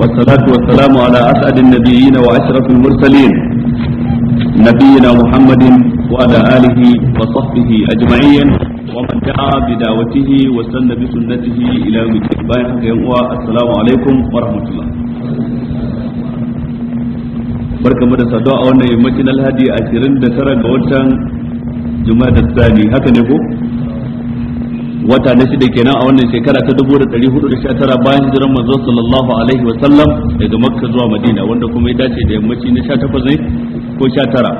والصلاة والسلام على أسعد النبيين وأشرف المرسلين نبينا محمد وعلى آله وصحبه أجمعين ومن دعا بدعوته وسن بسنته إلى يوم الدين السلام عليكم ورحمة الله barkamu da saduwa a wannan yammacin alhadi 29 ga watan juma'a da tsani haka ne ko wata na shida kenan a wannan shekara ta 1419 bayan hijiran manzo sallallahu alaihi wa sallam daga makka zuwa madina wanda kuma ya dace da yammaci na 18 ne ko 19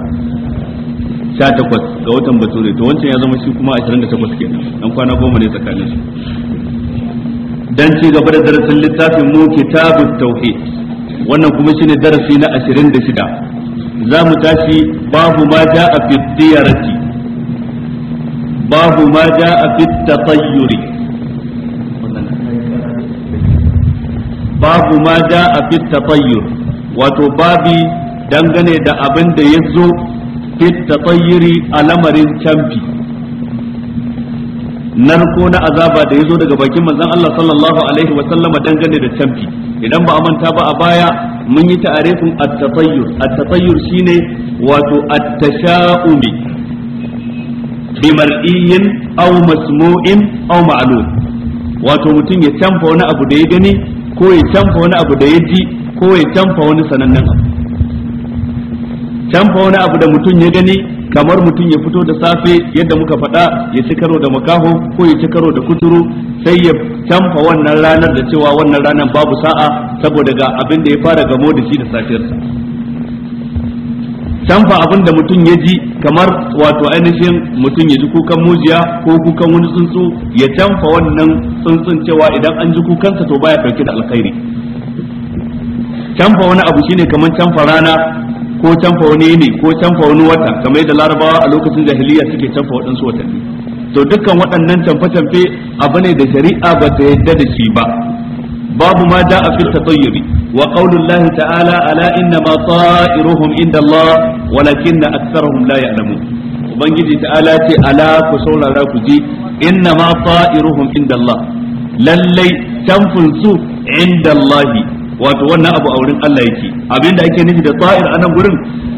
18 ga watan bature to wancan ya zama shi kuma 28 kenan dan kwana goma ne tsakanin su dan ci gaba da darasin littafin mu kitabut tauhid wannan kuma shine darasi na 26 za mu tashi babu ma ja'a fi diyarati babu ma jaa fi tatayyuri babu wato babi dangane da abin da ya zo fi a lamarin canfi narko na azaba da ya zo daga bakin manzon Allah sallallahu alaihi wa sallama dangane da canfi idan ba a manta ba a baya mun yi ta'arifin at-tatayyur at-tatayyur shine wato at-tasha'umi bimar'iyin aw masmu'in au ma'lum wato mutum ya tamfa wani abu da ya gani ko ya tamfa wani abu da ya ji ko ya tamfa wani sanannen abu wani abu da mutum ya gani kamar mutum ya fito da safe yadda muka faɗa ya ci karo da makaho ko ya ci karo da kuturu sai ya tamfa wannan ranar da cewa wannan ranar babu sa'a saboda ga abin da ya fara gamo da shi da safiyarsa tamfa abin da mutum ya ji kamar wato ainihin mutum ya ji kukan mujiya ko kukan wani tsuntsu ya tamfa wannan tsuntsun cewa idan an ji kukansa to baya ɗauke da alkhairi tamfa wani abu shine kamar tamfa rana ko tamfa wani ne ko tamfa wani wata kamar yadda larabawa a lokacin jahiliya suke tamfa waɗansu watanni to dukkan waɗannan tamfe-tamfe abu ne da shari'a ba ta yadda da shi ba babu ma da a fil tatayyuri وقول الله تعالى ألا إنما طائرهم عند الله ولكن أكثرهم لا يعلمون وبنجي تعالى ألا كسول لا إنما طائرهم عند الله للي تنفلسوا عند الله wato wannan abu a wurin Allah yake abinda ake nufi da ta'ir a nan gurin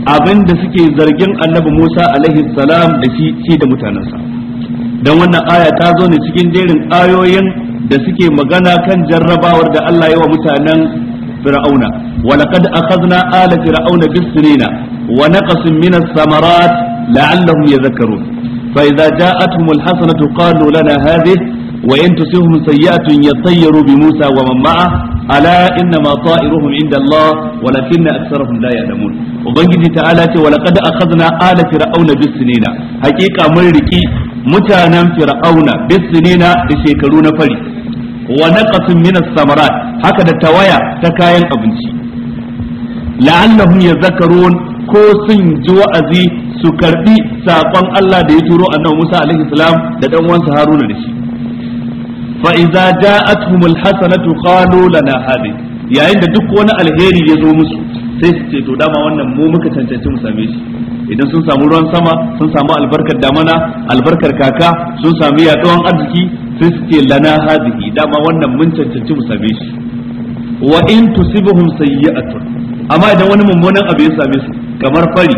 abinda suke zargin annabi Musa alaihi salam da shi shi da dan wannan aya ta zo ne cikin jerin ayoyin da suke magana kan jarrabawar da Allah ya wa mutanen فرعون ولقد أخذنا آل فرعون بالسنين ونقص من الثمرات لعلهم يذكرون فإذا جاءتهم الحسنة قالوا لنا هذه وإن تصيبهم سيئة يطيروا بموسى ومن معه ألا إنما طائرهم عند الله ولكن أكثرهم لا يعلمون وبنجي تعالى ولقد أخذنا آل فرعون بالسنين حقيقة من ركي متانا فرعون بالسنين لشيكرون فريق wa naqasun min as-samarat haka da tawaya ta kayan abinci la'annahum yadhakkarun ko sun ji wa'azi su karbi sakon Allah da ya turo annabi Musa alaihi salam da dan uwansa Haruna da shi fa idza ja'atuhum al-hasanatu qalu lana hadi yayin da duk wani alheri ya zo musu sai su ce to dama wannan mu muka cancanci mu same shi idan sun samu ruwan sama sun samu albarkar damana albarkar kaka sun samu yaduwan arziki Fiske lana hadihi dama wannan mun cancanci mu same shi wa in tusibuhum sayyi'atun amma idan wani mummunan abu ya same su kamar fari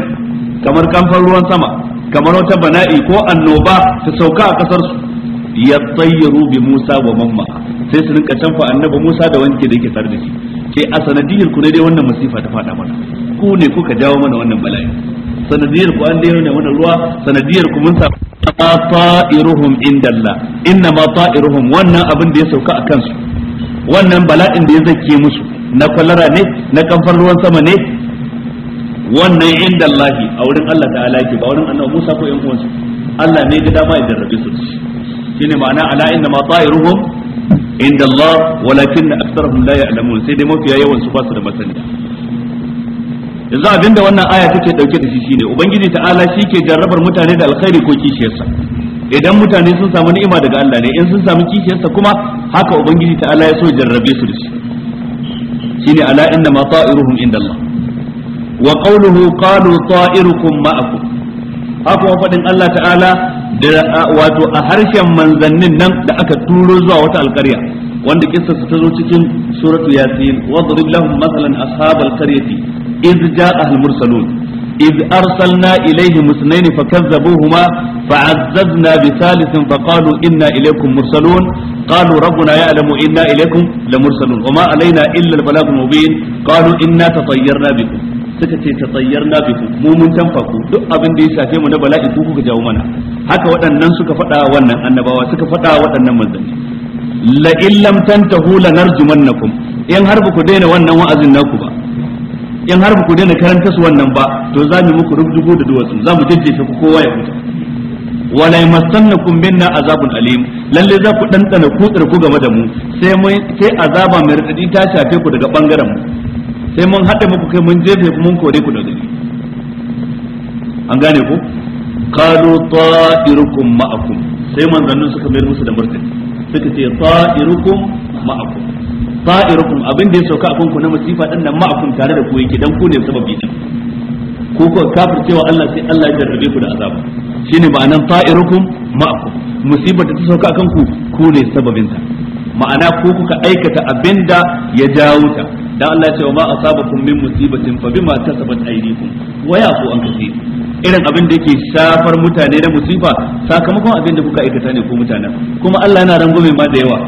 kamar kamfan ruwan sama kamar wata bana'i ko annoba ta sauka a kasar su ya tsayyaru bi Musa wa mamma sai su rinka canfa annabi Musa da wanke da yake tare da shi ke a sanadiyar ku ne dai wannan masifa ta faɗa mana ku ne kuka jawo mana wannan bala'i sanadiyar ku an ne wannan ruwa sanadiyar ku mun samu ta ta'iruhum indallah inna ma ta'iruhum wannan abin da ya sauka a kansu wannan bala'in da ya zake musu na kwalara ne na kamfan ruwan sama ne wannan indallahi a wurin Allah ta'ala yake ba wurin annabi Musa ko yan uwansa Allah ne ga dama ya darrabe su shine ma'ana ala inna ma ta'iruhum indallah walakin aktharuhum la ya'lamun sai dai mafiya yawan su da yanzu abinda wannan aya take dauke da shi shine ubangiji ta'ala shi ke jarrabar mutane da alkhairi ko kishiyarsa idan mutane sun samu ni'ima daga Allah ne in sun samu kishiyarsa kuma haka ubangiji ta'ala ya so jarrabe su da shi shine ala inna ma ta'iruhum inda Allah wa qawluhu qalu ta'irukum ma'akum haka wa fadin Allah ta'ala da wato a harshen manzannin nan da aka turo zuwa wata alƙarya wanda kissa ta zo cikin suratul yasin wadrib lahum mathalan ashabal qaryati إذ جاءه المرسلون إذ أرسلنا إليهم اثنين فكذبوهما فعززنا بثالث فقالوا إنا إليكم مرسلون قالوا ربنا يعلم إنا إليكم لمرسلون وما علينا إلا البلاغ المبين قالوا إنا تطيرنا بكم suka ce ta tsayyar biku mu mun tanfa ku duk abin da ya shafe mu na bala'i ku kuka jawo mana haka waɗannan suka faɗa wannan annabawa suka faɗa waɗannan manzanni la illam tantahu lanarjumannakum in har ba ku daina wannan wa'azin naku ba in har ku daina karanta su wannan ba to za mu muku rubdugu da duwatsu za mu jajjefe ku kowa ya huta wala yamassannakum minna azabun alim lalle za ku dandana kutsar ku game da mu sai mun sai azaba mai radadi ta shafe ku daga bangaren mu sai mun hada muku kai mun jefe ku mun kore ku da gari an gane ku qalu ta'irukum ma'akum sai manzannin suka mai musu da martani suka ce ta'irukum ma'akum sa'irukum abin da ya sauka a kanku na masifa dan nan ma'akum tare da ku yake dan ku ne sababi din ku ko kafir cewa Allah sai Allah ya jarrabe ku da azaba shine ma'anan sa'irukum ma'akum musibar da ta sauka a kanku ku ne sababin ta ma'ana ko kuka aikata abin da ya jawo ta dan Allah ya ce wa ma asabakum min musibatin fa bima kasabat aydikum wa yafu an kaseer irin abin da yake shafar mutane na musifa sakamakon abin da kuka aikata ne ko mutanen kuma Allah yana rangume ma da yawa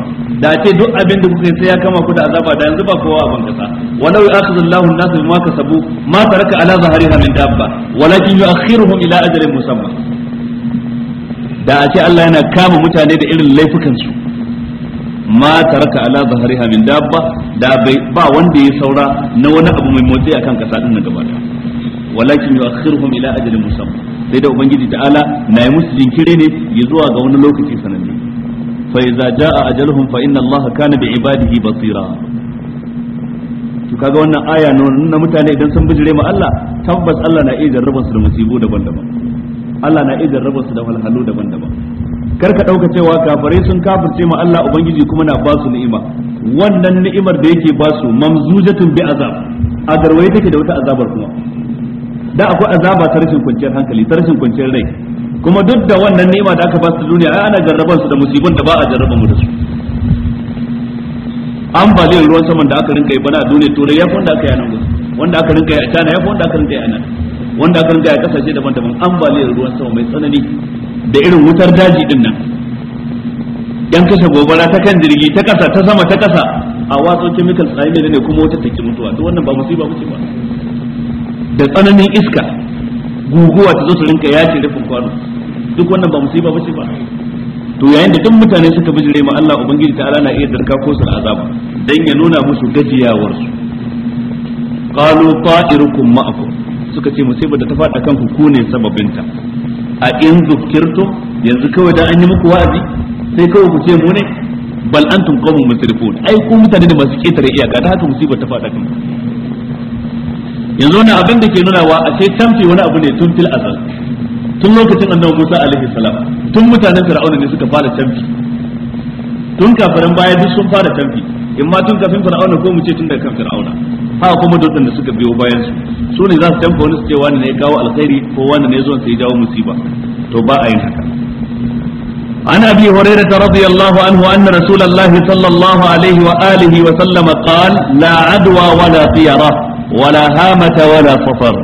da ce duk abin da kuka yi sai ya kama ku da azaba da yanzu ba kowa a bankasa walau Allahu an-nas bima kasabu ma taraka ala zahriha min dabba walakin yu'akhiruhum ila ajalin musamma da a ce Allah yana kama mutane da irin laifukan su ma taraka ala zahriha min dabba da bai ba wanda ya saura na wani abu mai motsi akan kasa din nan gaba walakin yu'akhiruhum ila ajalin musamman, sai da ubangiji ta'ala na yi musu jinkiri ne ya zuwa ga wani lokaci sananne fa idza jaa ajaluhum fa inna allaha kana bi ibadihi basira to kaga wannan aya na mutane idan sun bijire ma Allah tabbas Allah na iya jarrabar su da musibu daban-daban Allah na iya jarrabar su da walhalu daban-daban kar ka dauka cewa kafirai sun kafirce ma Allah ubangiji kuma na ba su ni'ima wannan ni'imar da yake ba su mamzujatun bi azab a garwaye take da wata azabar kuma da akwai azaba ta rashin kwanciyar hankali ta rashin kwanciyar rai kuma duk da wannan nema da aka ba su duniya ai ana jarraban su da musibin da ba a jarraba mu da su ambaliyar ruwan saman da aka rinka yi bana a duniya rai yafi wanda aka yi a nan wanda aka rinka yi a tana yafi wanda aka rinka yi a nan wanda aka rinka yi a kasashe daban-daban ambaliyar ruwan sama mai tsanani da irin wutar daji din nan yan kashe gobara ta kan jirgi ta kasa ta sama ta kasa a watsa chemical a ne kuma wata take mutuwa to wannan ba musiba ce ba da tsananin iska guguwa ta zo su rinka ce rufin kwano duk wannan ba musiba ba ce ba to yayin da duk mutane suka bijire ma Allah ubangiji ta'ala na iya darka ko su azaba dan ya nuna musu gajiyawar su qalu ta'irukum ma'akum suka ce musibar da ta faɗa kan ku ne sababinta a in zukirtu yanzu kawai da an yi muku wa'azi sai kawai ku ce mu ne bal antum qawmun musrifun ai ku mutane da masu ƙetare iyaka da haka musibar ta faɗa kan ku yanzu wannan abin da ke nuna wa a sai tamfi wani abu ne tun fil azal tun lokacin annabi Musa alaihi salam tun mutanen Fir'auna ne suka fara tamfi tun kafiran baya duk sun fara tamfi in ma tun kafin Fir'auna ko mu ce tun daga kan Fir'auna haka kuma dukkan da suka biyo bayan su su ne za su tamfa wani su ce wani ne ya kawo alkhairi ko wani ne ya zuwan sai ya jawo musiba to ba a yin haka عن ابي هريره رضي الله عنه ان رسول الله صلى الله عليه واله وسلم قال لا عدوى ولا طيره wala hamata wala safar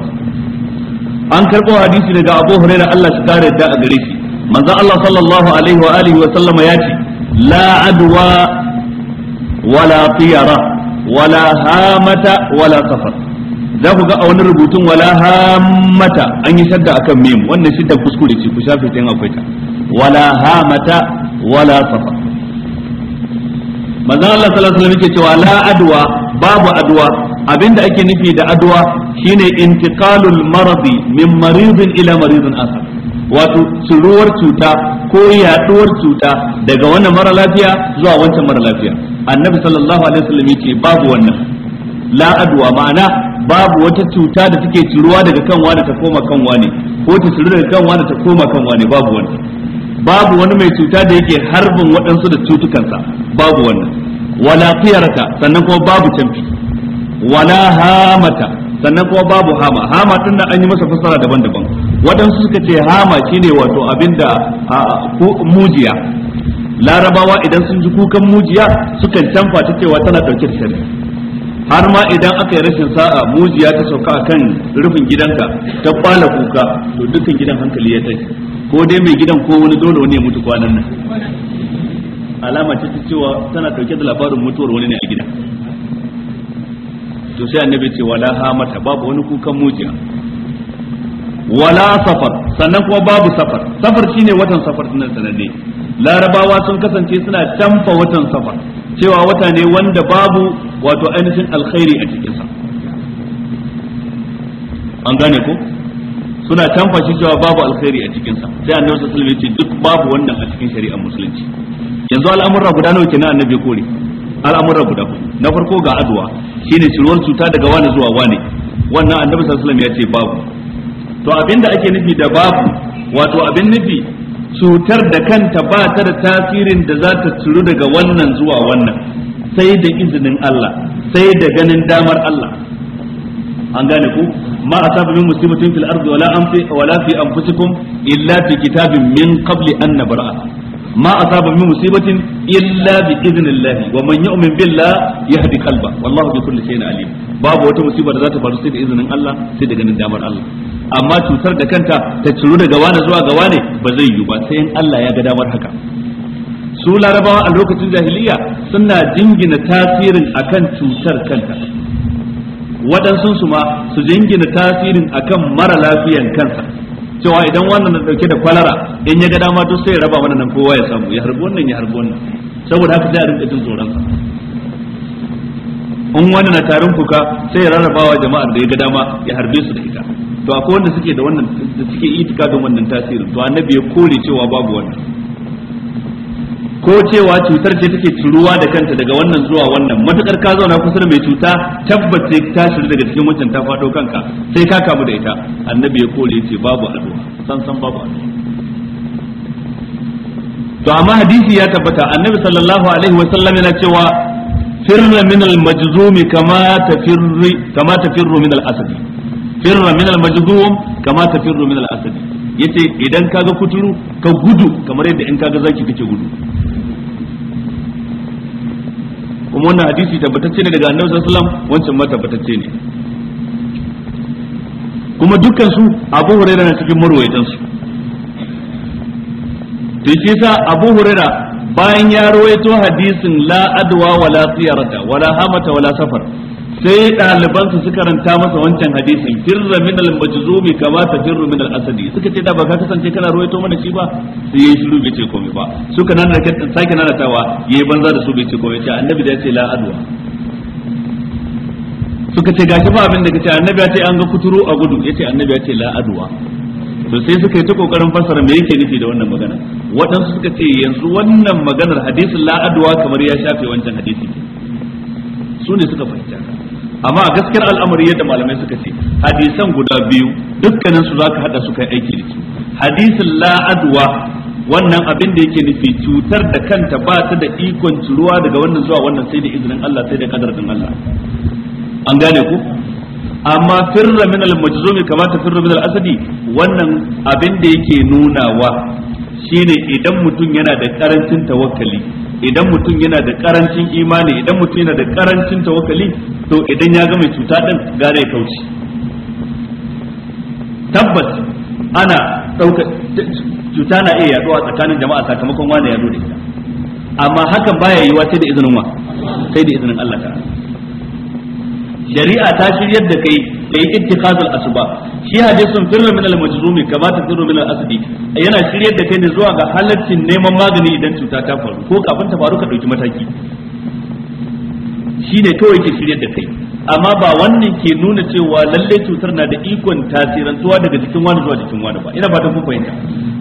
an karɓo hadisi daga abu hurairah Allah shi kare da a gare shi manzo Allah sallallahu alaihi wa alihi wa sallama ya ce la adwa wala tiyara wala hamata wala safar za ku ga a wani rubutun wala hamata an yi shadda akan mim wannan shi shiddan kuskure ce ku shafe ta akwai ta wala hamata wala safar manzo Allah sallallahu alaihi wa alihi wa sallama yake cewa la adwa babu adwa abinda ake nufi da addu'a shine intiqalul maradi min maridin ila maridin asa. wato tsuruwar cuta ko yaduwar cuta daga wannan mara lafiya zuwa wancan mara lafiya annabi sallallahu alaihi wasallam yace babu wannan la adwa ma'ana babu wata cuta da take ciruwa daga kan wani ta koma kan wani ko ta ciru daga kan wani ta koma kan wani babu wannan babu wani mai cuta da yake harbin waɗansu da cutukansa babu wannan wala fiyarta sannan kuma babu canfi wala hamata sannan kuma babu hama hama tun da an yi masa fassara daban-daban waɗansu suka ce hama shine wato abinda mujiya larabawa idan sun ji kukan mujiya sukan canfa ta cewa tana ɗauke da shari har ma idan aka yi rashin sa'a mujiya ta sauka akan rufin gidanka ta kwala kuka to dukkan gidan hankali ya tafi. ko dai mai gidan ko wani dole wani ya mutu kwanan nan alama ce ta cewa tana ɗauke da labarin mutuwar wani ne a gidan to sai annabi ce wala hamata babu wani kukan mujiya wala safar sannan kuma babu safar safar shine watan safar din sananne larabawa sun kasance suna tamfa watan safar cewa wata ne wanda babu wato ainihin alkhairi a cikinsa an gane ko suna tamfa shi cewa babu alkhairi a cikinsa sai annabi sallallahu alaihi wasallam ya ce duk babu wannan a cikin shari'ar musulunci yanzu al'amurra guda nawa kenan annabi kore al'amuran guda na farko ga addu'a shine shirwar cuta daga wani zuwa wani wannan annabi sallallahu alaihi wasallam ya ce babu to abinda ake nufi da babu wato abin nufi cutar da kanta ba ta da tasirin da za ta tsuru daga wannan zuwa wannan sai da izinin Allah sai da ganin damar Allah an gane ku ma asabu min musibatin fil ardi wala anfi wala fi anfusikum illa fi kitabin min qabli an nabra'a ma asaba min musibatin illa bi idnillah wa man yu'min billah yahdi qalba wallahu bi kulli shay'in alim babu wata musiba da za ta faru sai da izinin Allah sai da ganin damar Allah amma cutar da kanta ta ciru daga wani zuwa ga wani ba zai yiwu ba sai in Allah ya ga damar haka su larabawa a lokacin jahiliya suna jingina tasirin akan cutar kanta waɗansu su ma su jingina tasirin akan mara lafiyan kansa cewa idan wannan na dauke da kwalara in ya ga dama to sai ya raba wannan kowa ya samu ya harbi wannan ya harbi wannan saboda haka sai a rinka jin tsoron sa in wani na tarin kuka sai ya rarrabawa jama'ar da ya ga dama ya harbe su da ita to akwai wanda suke da wannan da suke wannan tasirin to annabi ya kore cewa babu wannan ko cewa cutar ce take turuwa da kanta daga wannan zuwa wannan matukar ka zauna kusa da mai cuta tabbace ta shiru daga cikin wancan ta fado kanka sai ka kamu da ita annabi ya kore ce babu addu'a san san babu addu'a to amma hadisi ya tabbata annabi sallallahu alaihi wa sallam yana cewa firra min al-majzum kama tafirri kama tafirru min al-asad firra min al-majzum kama tafirru min al-asad yace idan kaga kuturu ka gudu kamar yadda in kaga zaki kake gudu kuma wannan hadisi tabbatacce ne daga annabi sallallahu alaihi wasallam wancan ma tabbatacce ne kuma dukkan su Abu Hurairah na cikin marwayatan su to shi yasa Abu Hurairah bayan ya rawaito hadisin la adwa wala siyarata wala hamata wala safar sai su suka ranta masa wancan hadisin firra min al majzumi kama ta min al asadi suka ce da ba ka kasance kana ruwaito mana shi ba sai yayi shiru bai ce komai ba suka nan da sake nan tawa yayi banza da su bai ce komai ce annabi da ya ce la adwa suka ce gashi ba abin da kace annabi ya ce an ga kuturu a gudu yace annabi ya ce la adwa to sai suka yi ta kokarin fassara me yake nufi da wannan magana waɗansu suka ce yanzu wannan maganar hadisin la adwa kamar ya shafe wancan hadisi su ne suka fahimta amma a gaskiyar al'amari yadda malamai suka ce hadisan guda biyu dukkanin su zaka hada su kai aiki da su hadisin adwa wannan abin da yake nufi cutar da kanta ba ta da ikon ciruwa daga wannan zuwa wannan sai da izinin Allah sai da kadarin Allah an gane ku amma firra min al-majzumi kama ta firra min al-asadi wannan abin da yake nunawa shine idan mutum yana da karancin tawakkali idan mutum yana da karancin imani idan mutum yana da karancin tawakali, to idan ya ga mai cuta din gare ya kauce tabbas ana ɗauka cuta na iya yaduwa tsakanin jama'a sakamakon wani yazo da ita amma hakan baya yiwa sai da izinin wa sai da izinin Allah ta'ala shari'a ta shiryar da kai kai ittikazul asuba shi hadisin firna min al majrumi kama tafirru min al asbi yana shiryar da kai ne zuwa ga halaccin neman magani idan cuta ta faru ko kafin ta faru ka dauki mataki shine kawai ke shiryar da kai amma ba wannan ke nuna cewa lalle cutar na da ikon tasirantuwa daga jikin wani zuwa jikin wani ba ina ba kun fahimta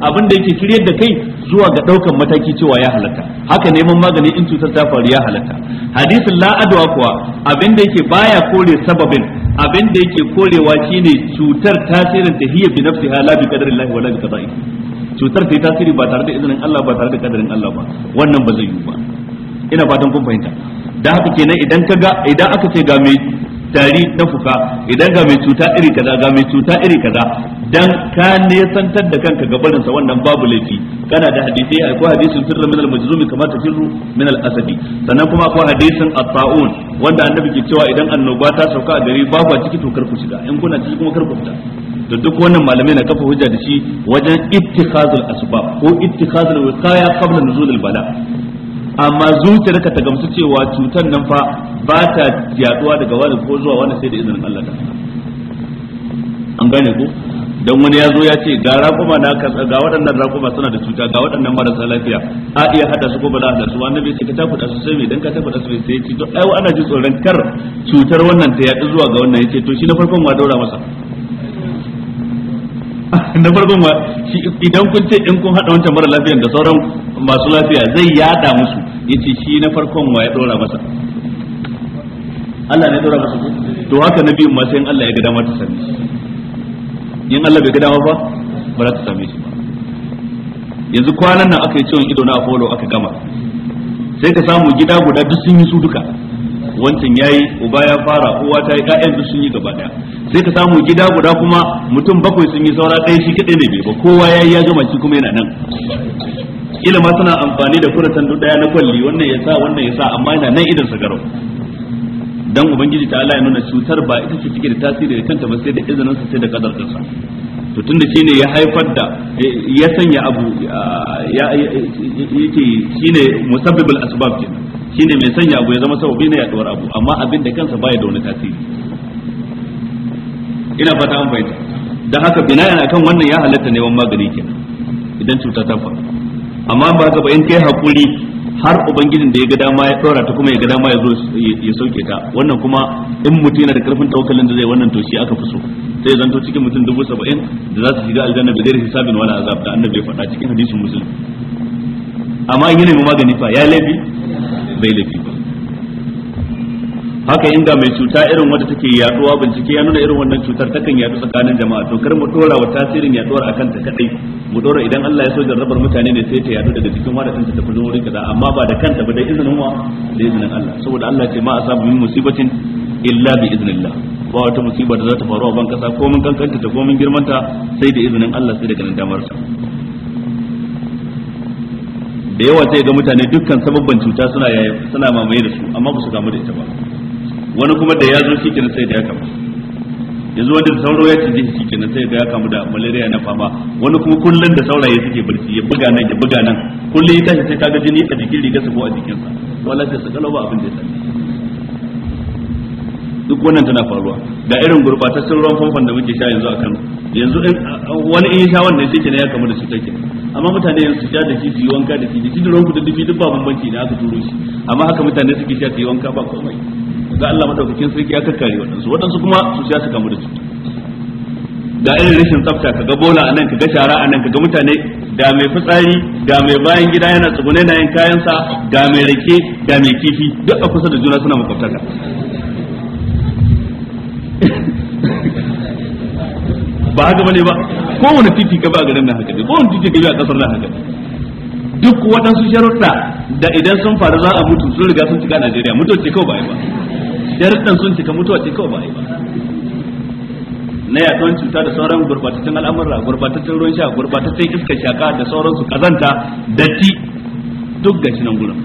abin da yake shiryar da kai zuwa ga daukan mataki cewa ya halatta haka neman magani in cutar ta faru ya halatta hadisin la adwa kuwa abin da yake baya kore sababin abin da yake korewa shine cutar tasirin ta hiya bi nafsiha la bi qadarillahi wala bi qada'i cutar ta yi tasiri ba tare da izinin Allah ba tare da kadarin Allah ba wannan ba zai yi ba ina fatan kun fahimta da haka kenan idan ka ga idan aka ce ga mai tari na fuka idan ga mai cuta iri kaza ga mai cuta iri kaza dan ka santar da kanka ga barin sa wannan babu laifi kana da hadisi akwai hadisin sirrin min al-majzumi kamar tafirru min al-asadi sannan kuma akwai hadisin at-ta'un wanda annabi ke cewa idan annoba ta sauka a gari babu ciki to kar ku shiga in kuna ciki kuma kar ku fita to duk wannan malamai na kafa hujja da shi wajen ittikhazul asbab ko ittikhazul wiqaya qabla nuzul al-bala amma ka ta gamsu cewa cutar nan fa ba ta yaduwa daga wani ko zuwa wani sai da izinin Allah ta an gane ko dan wani ya zo ya ce ga raƙuma na ka ga waɗannan raƙuma suna da cuta ga waɗannan marasa lafiya a iya hada su ko ba za a hada su annabi ce ka ta kuɗa su sai dan ka ta kuɗa su sai ya ce to ai ana ji tsoron kar cutar wannan ta yaɗu zuwa ga wannan yake to shi na farkon wa daura masa na farkon ba idan kun ce in kun hada wancan mara lafiyan da sauran masu lafiya zai yada musu yace shi na farkon wa ya dora masa Allah ne dora masa to haka na biyun ma sai in Allah ya ga dama ta same shi in Allah bai ga dama ba ba za ta same shi ba yanzu kwanan nan aka yi ciwon ido na Apollo aka gama sai ka samu gida guda duk sun yi su duka wancan yayi uba ya fara uwa ta yi ƴaƴan duk sun yi gaba daya sai ka samu gida guda kuma mutum bakwai sun yi saura ɗaya shi kaɗai ne bai ba kowa ya yi ya gama shi kuma yana nan ilima suna amfani da kura sandu ɗaya na kwalli wannan ya sa wannan ya sa amma yana nan idan sa garau dan ubangiji ta Allah ya nuna cutar ba ita ce take da tasiri da kanta ba sai da izinin sa sai da kadar sa to tunda shine ya haifar da ya sanya abu ya yake shine musabbibul asbab kenan shine mai sanya abu ya zama sababi na yaduwar abu amma abin da kansa baya da wani tasiri ina fata an fahimta da haka yana kan wannan ya halatta ne wani magani ke idan cuta ta faru amma ba ka bayan kai hakuri har ubangijin da ya ga dama ya tsora ta kuma ya ga dama ya zo ya sauke ta wannan kuma in mutum yana da karfin tawakkalin da zai wannan to shi aka fi so sai zanto cikin mutum dubu saba'in da za su shiga aljanna da zai hisabin wala azab da annabi ya faɗa cikin hadisin muslim amma in yi neman magani fa ya laifi bai laifi ba haka inda mai cuta irin wadda take yaduwa bincike ya nuna irin wannan cutar takan yadu tsakanin jama'a to kar mu dora wa tasirin yaduwar akan ta kadai mu dora idan Allah ya so jarrabar mutane ne sai ta yadu daga cikin wanda kanta ta zuwa rinka amma ba da kanta ba da izinin wa da izinin Allah saboda Allah ce ma asabu min musibatin illa bi iznillah ba wata musiba da za ta faru a ban kasa ko mun kankanta ta ko mun girmanta sai da izinin Allah sai daga nan damar sa da yawa sai ga mutane dukkan sababban cuta suna suna mamaye da su amma ba su gamu da ita ba wani kuma da ya zo shi kenan sai da ya kamu yanzu wanda sauro ya cije shi kenan sai da ya kamu da malaria na fama wani kuma kullun da sauraye suke barci ya buga nan ya buga nan kullun ya tashi sai kaga jini a jikin riga su ko a sa wala sai sakalo ba abin da ya sani duk wannan tana faruwa da irin gurbataccen ruwan famfon da muke sha yanzu a Kano yanzu wani in sha wannan shi kenan ya kamu da cutar kenan amma mutane yanzu sha da shi su yi wanka da shi da shi da ruwan duk ba bambanci da aka turo shi amma haka mutane suke sha su yi wanka ba komai ga Allah madaukakin sarki ya kakkare waɗansu waɗansu kuma su sha su kamu da su ga irin rashin tsafta ka ga bola anan ka ga shara anan ka ga mutane da mai fitsari da mai bayan gida yana tsugune na yin kayansa ga mai rake da mai kifi duk a kusa da juna suna makwabtaka ba haka bane ba ko wani titi ka ba garin nan haka ko wani titi ka bi a kasar nan haka duk waɗansu sharuɗa da idan sun faru za a mutu sun riga sun cika Najeriya mutu ce kawai ba sharuɗan sun cika mutuwa ce kawai ba a yi ba na yaduwar cuta da sauran gurbatattun al'amura gurbatattun ruwan sha gurbatattun iskar shaka da sauransu kazanta datti duk ga shi nan gurin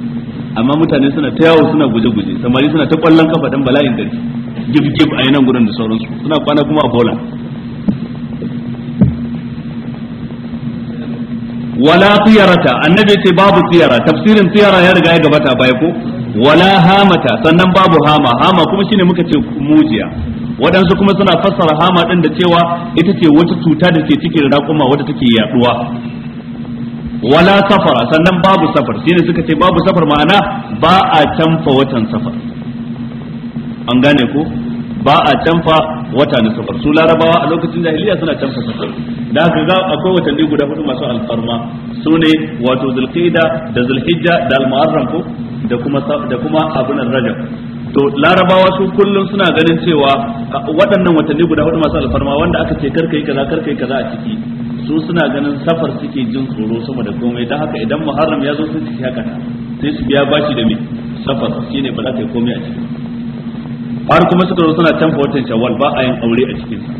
amma mutane suna ta yawo suna guje-guje samari suna ta kwallon kafa don bala'in gari gib-gib a yanan gurin da sauransu suna kwana kuma a bola wala tiyarata annabi ce babu tiyara tafsirin tiyara ya riga ya gabata baya ko wala hamata sannan babu hama hama kuma shine muka ce mujiya waɗansu kuma suna fassara hama ɗin da cewa ita ce wata cuta da ke cikin raƙuma wadda take yaɗuwa wala safara sannan babu safar shine suka ce babu safar ma'ana ba a canfa watan safar an gane ko ba a canfa wata na safar su larabawa a lokacin jahiliya suna canfa safar da haka za akwai watanni guda hudu masu alfarma su ne wato zulqa'ida da zulhijja da almuharram ko da kuma da kuma rajab to larabawa su kullum suna ganin cewa waɗannan watanni guda hudu masu alfarma wanda aka ce karkai kaza karkai kaza a ciki su suna ganin safar suke jin tsoro sama da komai Da haka idan muharram ya zo sun ciki haka sai su biya bashi da mai safar shine ba za ta yi komai a ciki har kuma suka zo suna canfa watan shawwal ba a yin aure a cikin sa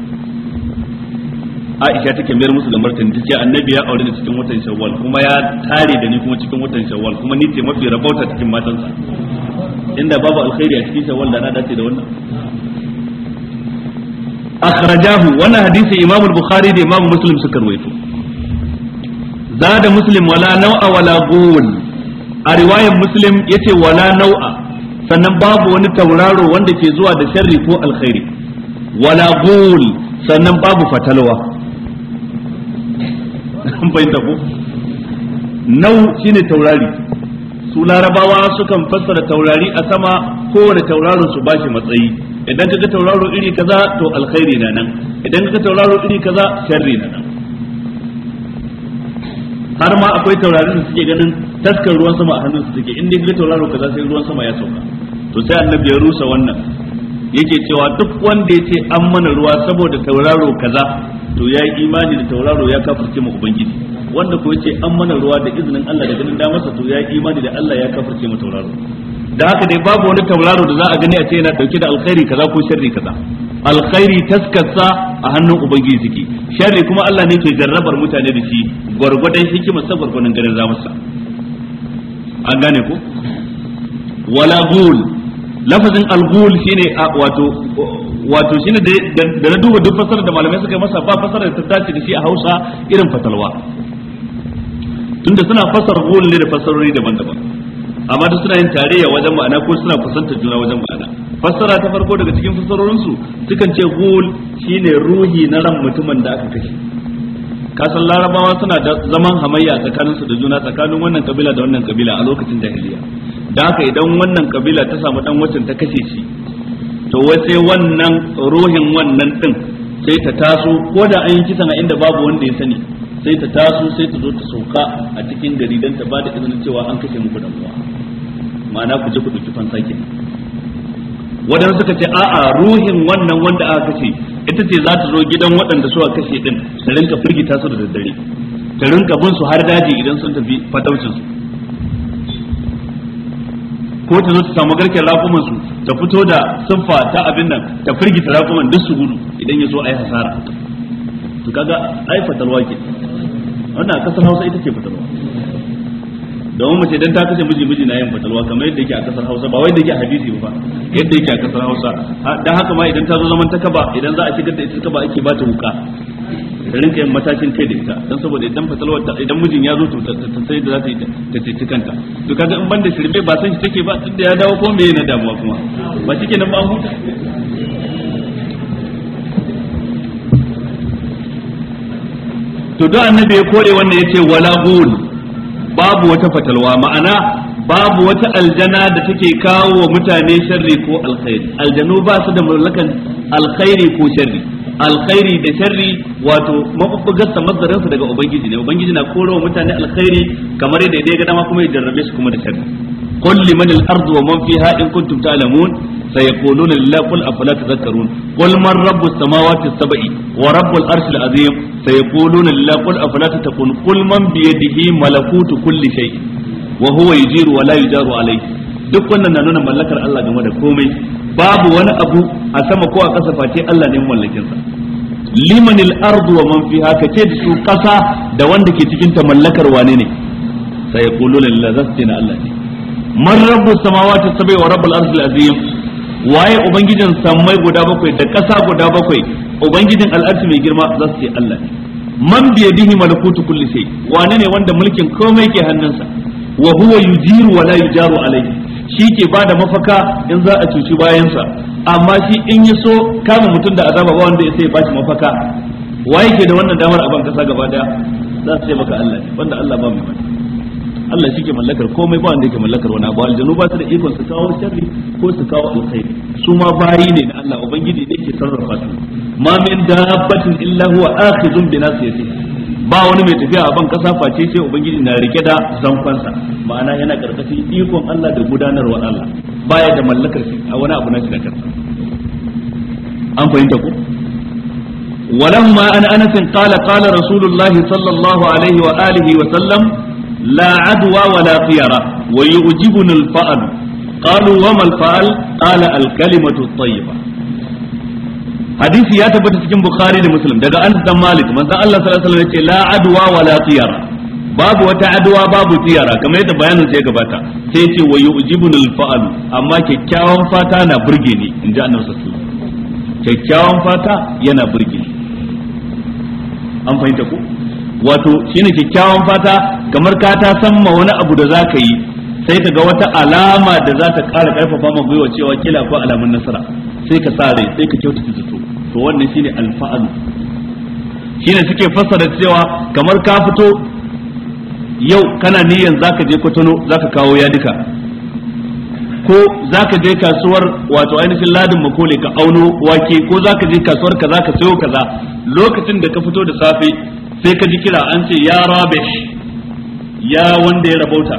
Aisha take mayar musu da martani tace annabi ya aure da cikin watan shawwal kuma ya tare da ni kuma cikin watan shawwal kuma ni ce mafi rabauta cikin matansa inda babu alkhairi a cikin shawwal da na dace da wannan akhrajahu wannan hadisi imam al-bukhari da imam muslim suka rawaito zada muslim wala nau'a wala gol a riwayar muslim yace wala nau'a sannan babu wani tauraro wanda ke zuwa da sharri ko alkhairi wala ghul sannan babu fatalwa bai da nau shine taurari su larabawa sukan fassara taurari a sama kowane tauraron su bashi matsayi idan kaga tauraro iri kaza to alkhairi na nan idan kaga tauraro iri kaza sharri na nan har ma akwai taurarin da suke ganin taskar ruwan sama a hannunsa take in dai ka tauraro kaza sai ruwan sama ya sauka to sai annabi ya rusa wannan yake cewa duk wanda ya ce an mana ruwa saboda tauraro kaza to ya yi imani da tauraro ya kafirce mu ubangiji wanda ko yace an mana ruwa da izinin Allah da ganin damarsa to ya yi imani da Allah ya kafirce mu tauraro da haka dai babu wani tauraro da za a gani a ce yana dauke da alkhairi kaza ko sharri kaza alkhairi taskarsa a hannun ubangiji suke sharri kuma Allah ne ke jarrabar mutane da shi gwargwadon hikima sa gwargwadon ganin zamansa an gane ko wala ghul lafazin al ghul shine wato wato shine da na duba duk fasarar da malamai suka yi masa ba fasarar ta dace da shi a Hausa irin fatalwa tunda suna fasar ghul ne da fasarori daban-daban amma da suna yin tarayya wajen ma'ana ko suna kusantar juna wajen ma'ana fassara ta farko daga cikin fassarorinsu sukan ce ghul shine ruhi na ran mutumin da aka kashe kasan larabawa suna da zaman hamayya tsakaninsu da juna tsakanin wannan kabila da wannan kabila a lokacin jahiliya da haka idan wannan kabila ta samu dan wacin ta kashe shi to wai sai wannan ruhin wannan din sai ta taso ko da an yi kisan a inda babu wanda ya sani sai ta taso sai ta zo ta sauka a cikin gari don ta ba da izinin cewa an kashe muku da uwa ma'ana ku je ku ɗauki fansa kenan wadanda suka ce a'a ruhin wannan wanda aka kashe ita ce za ta zo gidan waɗanda a kashe ɗin, ta rinka firgita su da daddare ta rinka bin su har daji idan sun tafi fataucin su ko ta zo ta samu garken rakuman su ta fito da siffa ta abin nan ta firgita rakuman duk su gudu idan ya zo a yi hasara to kaga ai fatalwa ke wannan a kasar hausa ita ce fatalwa domin mace idan ta kashe miji miji na yin fatalwa kamar yadda yake a kasar Hausa ba wai da yake a hadisi ba yadda yake a kasar Hausa dan haka ma idan ta zo zaman ta kaba idan za a shigar da ita kaba ake ba ta wuka ta rinka yin matakin kai da ita dan saboda idan fatalwa idan mijin ya zo to ta sai da za ta yi ta ce kanta to kaga in banda shirbe ba san shi take ba tunda ya dawo ko me na damuwa kuma ba shike nan ba huta to da annabi ya kore wannan yace wala babu wata fatalwa ma'ana babu wata aljana da take kawo wa mutane sharri ko alkhairi aljanu ba su da mallakan alkhairi ko sharri alkhairi da sharri wato mabubbugar sa su daga ubangiji ne ubangiji na koro mutane alkhairi kamar yadda ya ga dama kuma ya jarrabe su kuma da sharri qul liman al-ardu wa man fiha in kuntum ta'lamun سيقولون لله قل أفلا تذكرون قل من رب السماوات السبع ورب الأرش العظيم سيقولون لله قل أفلا تتقون قل من بيده ملكوت كل شيء وهو يجير ولا يجار عليه duk wannan na nuna mallakar Allah game da komai babu wani abu a sama ko a ƙasa face Allah ne mallakinsa limanil ardu wa man fiha kace da su ƙasa da wanda ke cikin ta mallakar wane na Allah ne rabbu sabai wa waye ubangijin samai guda bakwai da ƙasa guda bakwai ubangijin al'arshi mai girma za su ce Allah ne man biye bihi malakutu kulli shay wane ne wanda mulkin komai ke hannunsa wa huwa yujiru wa la yujaru alayhi shi ke bada mafaka in za a cuci bayansa amma shi in yi so kama mutum da azaba ba wanda ya sai ba shi mafaka waye ke da wannan damar a ban kasa gaba daya za su ce maka Allah ne wanda Allah ba mai Allah shi ke mallakar komai ba wanda yake mallakar wani abu aljanu ba su da ikon su kawo sharri ko su kawo alkhairi su ma bayi ne na Allah ubangiji ne ke sarrafa su ma min dabbatin illa huwa akhizun bi nasiyati ba wani mai tafiya a ban kasa face sai ubangiji na rike da zanfansa ma'ana yana karkashin ikon Allah da gudanarwa Allah baya da mallakar shi a wani abu na shi da kansa an fahimta ko ولما أن أنس قال قال رسول الله صلى الله عليه وآله وسلم la adwa wala khiyara wa yu'jibuna al-fa'l qalu wa mal fa'al qala al-kalimatu ya tabbata cikin bukhari da muslim daga anas dan malik manzon Allah sallallahu alaihi wasallam yace la adwa wala khiyara babu wata adwa babu khiyara kamar yadda bayanin sai gabata sai yace wa yu'jibuna al amma kyakkyawan fata na burge ni inji fata yana an fahimta wato shine kyakkyawan fata kamar ka ta san ma wani abu da za ka yi sai ka ga wata alama da za ta ƙara ƙarfafa ma gwiwa cewa kila ko alamun nasara sai ka sa sai ka kyautata zato to wannan shine alfa'al shine suke fassara cewa kamar ka fito yau kana niyyar zaka je kwatano zaka kawo yadika ko zaka je kasuwar wato ainihin ladin makole ka auno wake ko zaka je kasuwar kaza ka sayo kaza lokacin da ka fito da safe sai ka ji kira an ce ya rabish ya wanda ya rabauta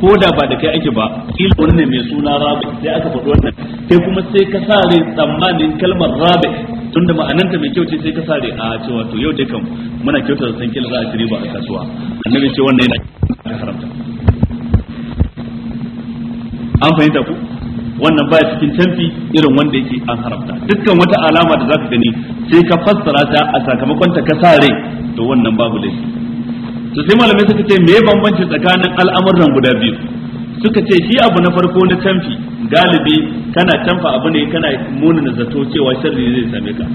ko da ba da kai ake ba kila wani ne mai suna rabish sai aka faɗi wannan sai kuma sai ka sa rai tsammanin kalmar rabish tunda ma'ananta mai kyau ce sai ka sa rai a ce wato yau dai kan muna kyauta da san kila za a ci ba a kasuwa annabi ce wannan yana haramta an fahimta ku wannan baya cikin canfi irin wanda yake an haramta dukkan wata alama da za ka gani sai ka fassara ta a sakamakon ta ka sa rai to wannan babu laifi to sai malamai suka ce me bambanci tsakanin al'amuran guda biyu suka ce shi abu na farko na canfi galibi kana canfa abu ne kana munana zato cewa sharri zai same ka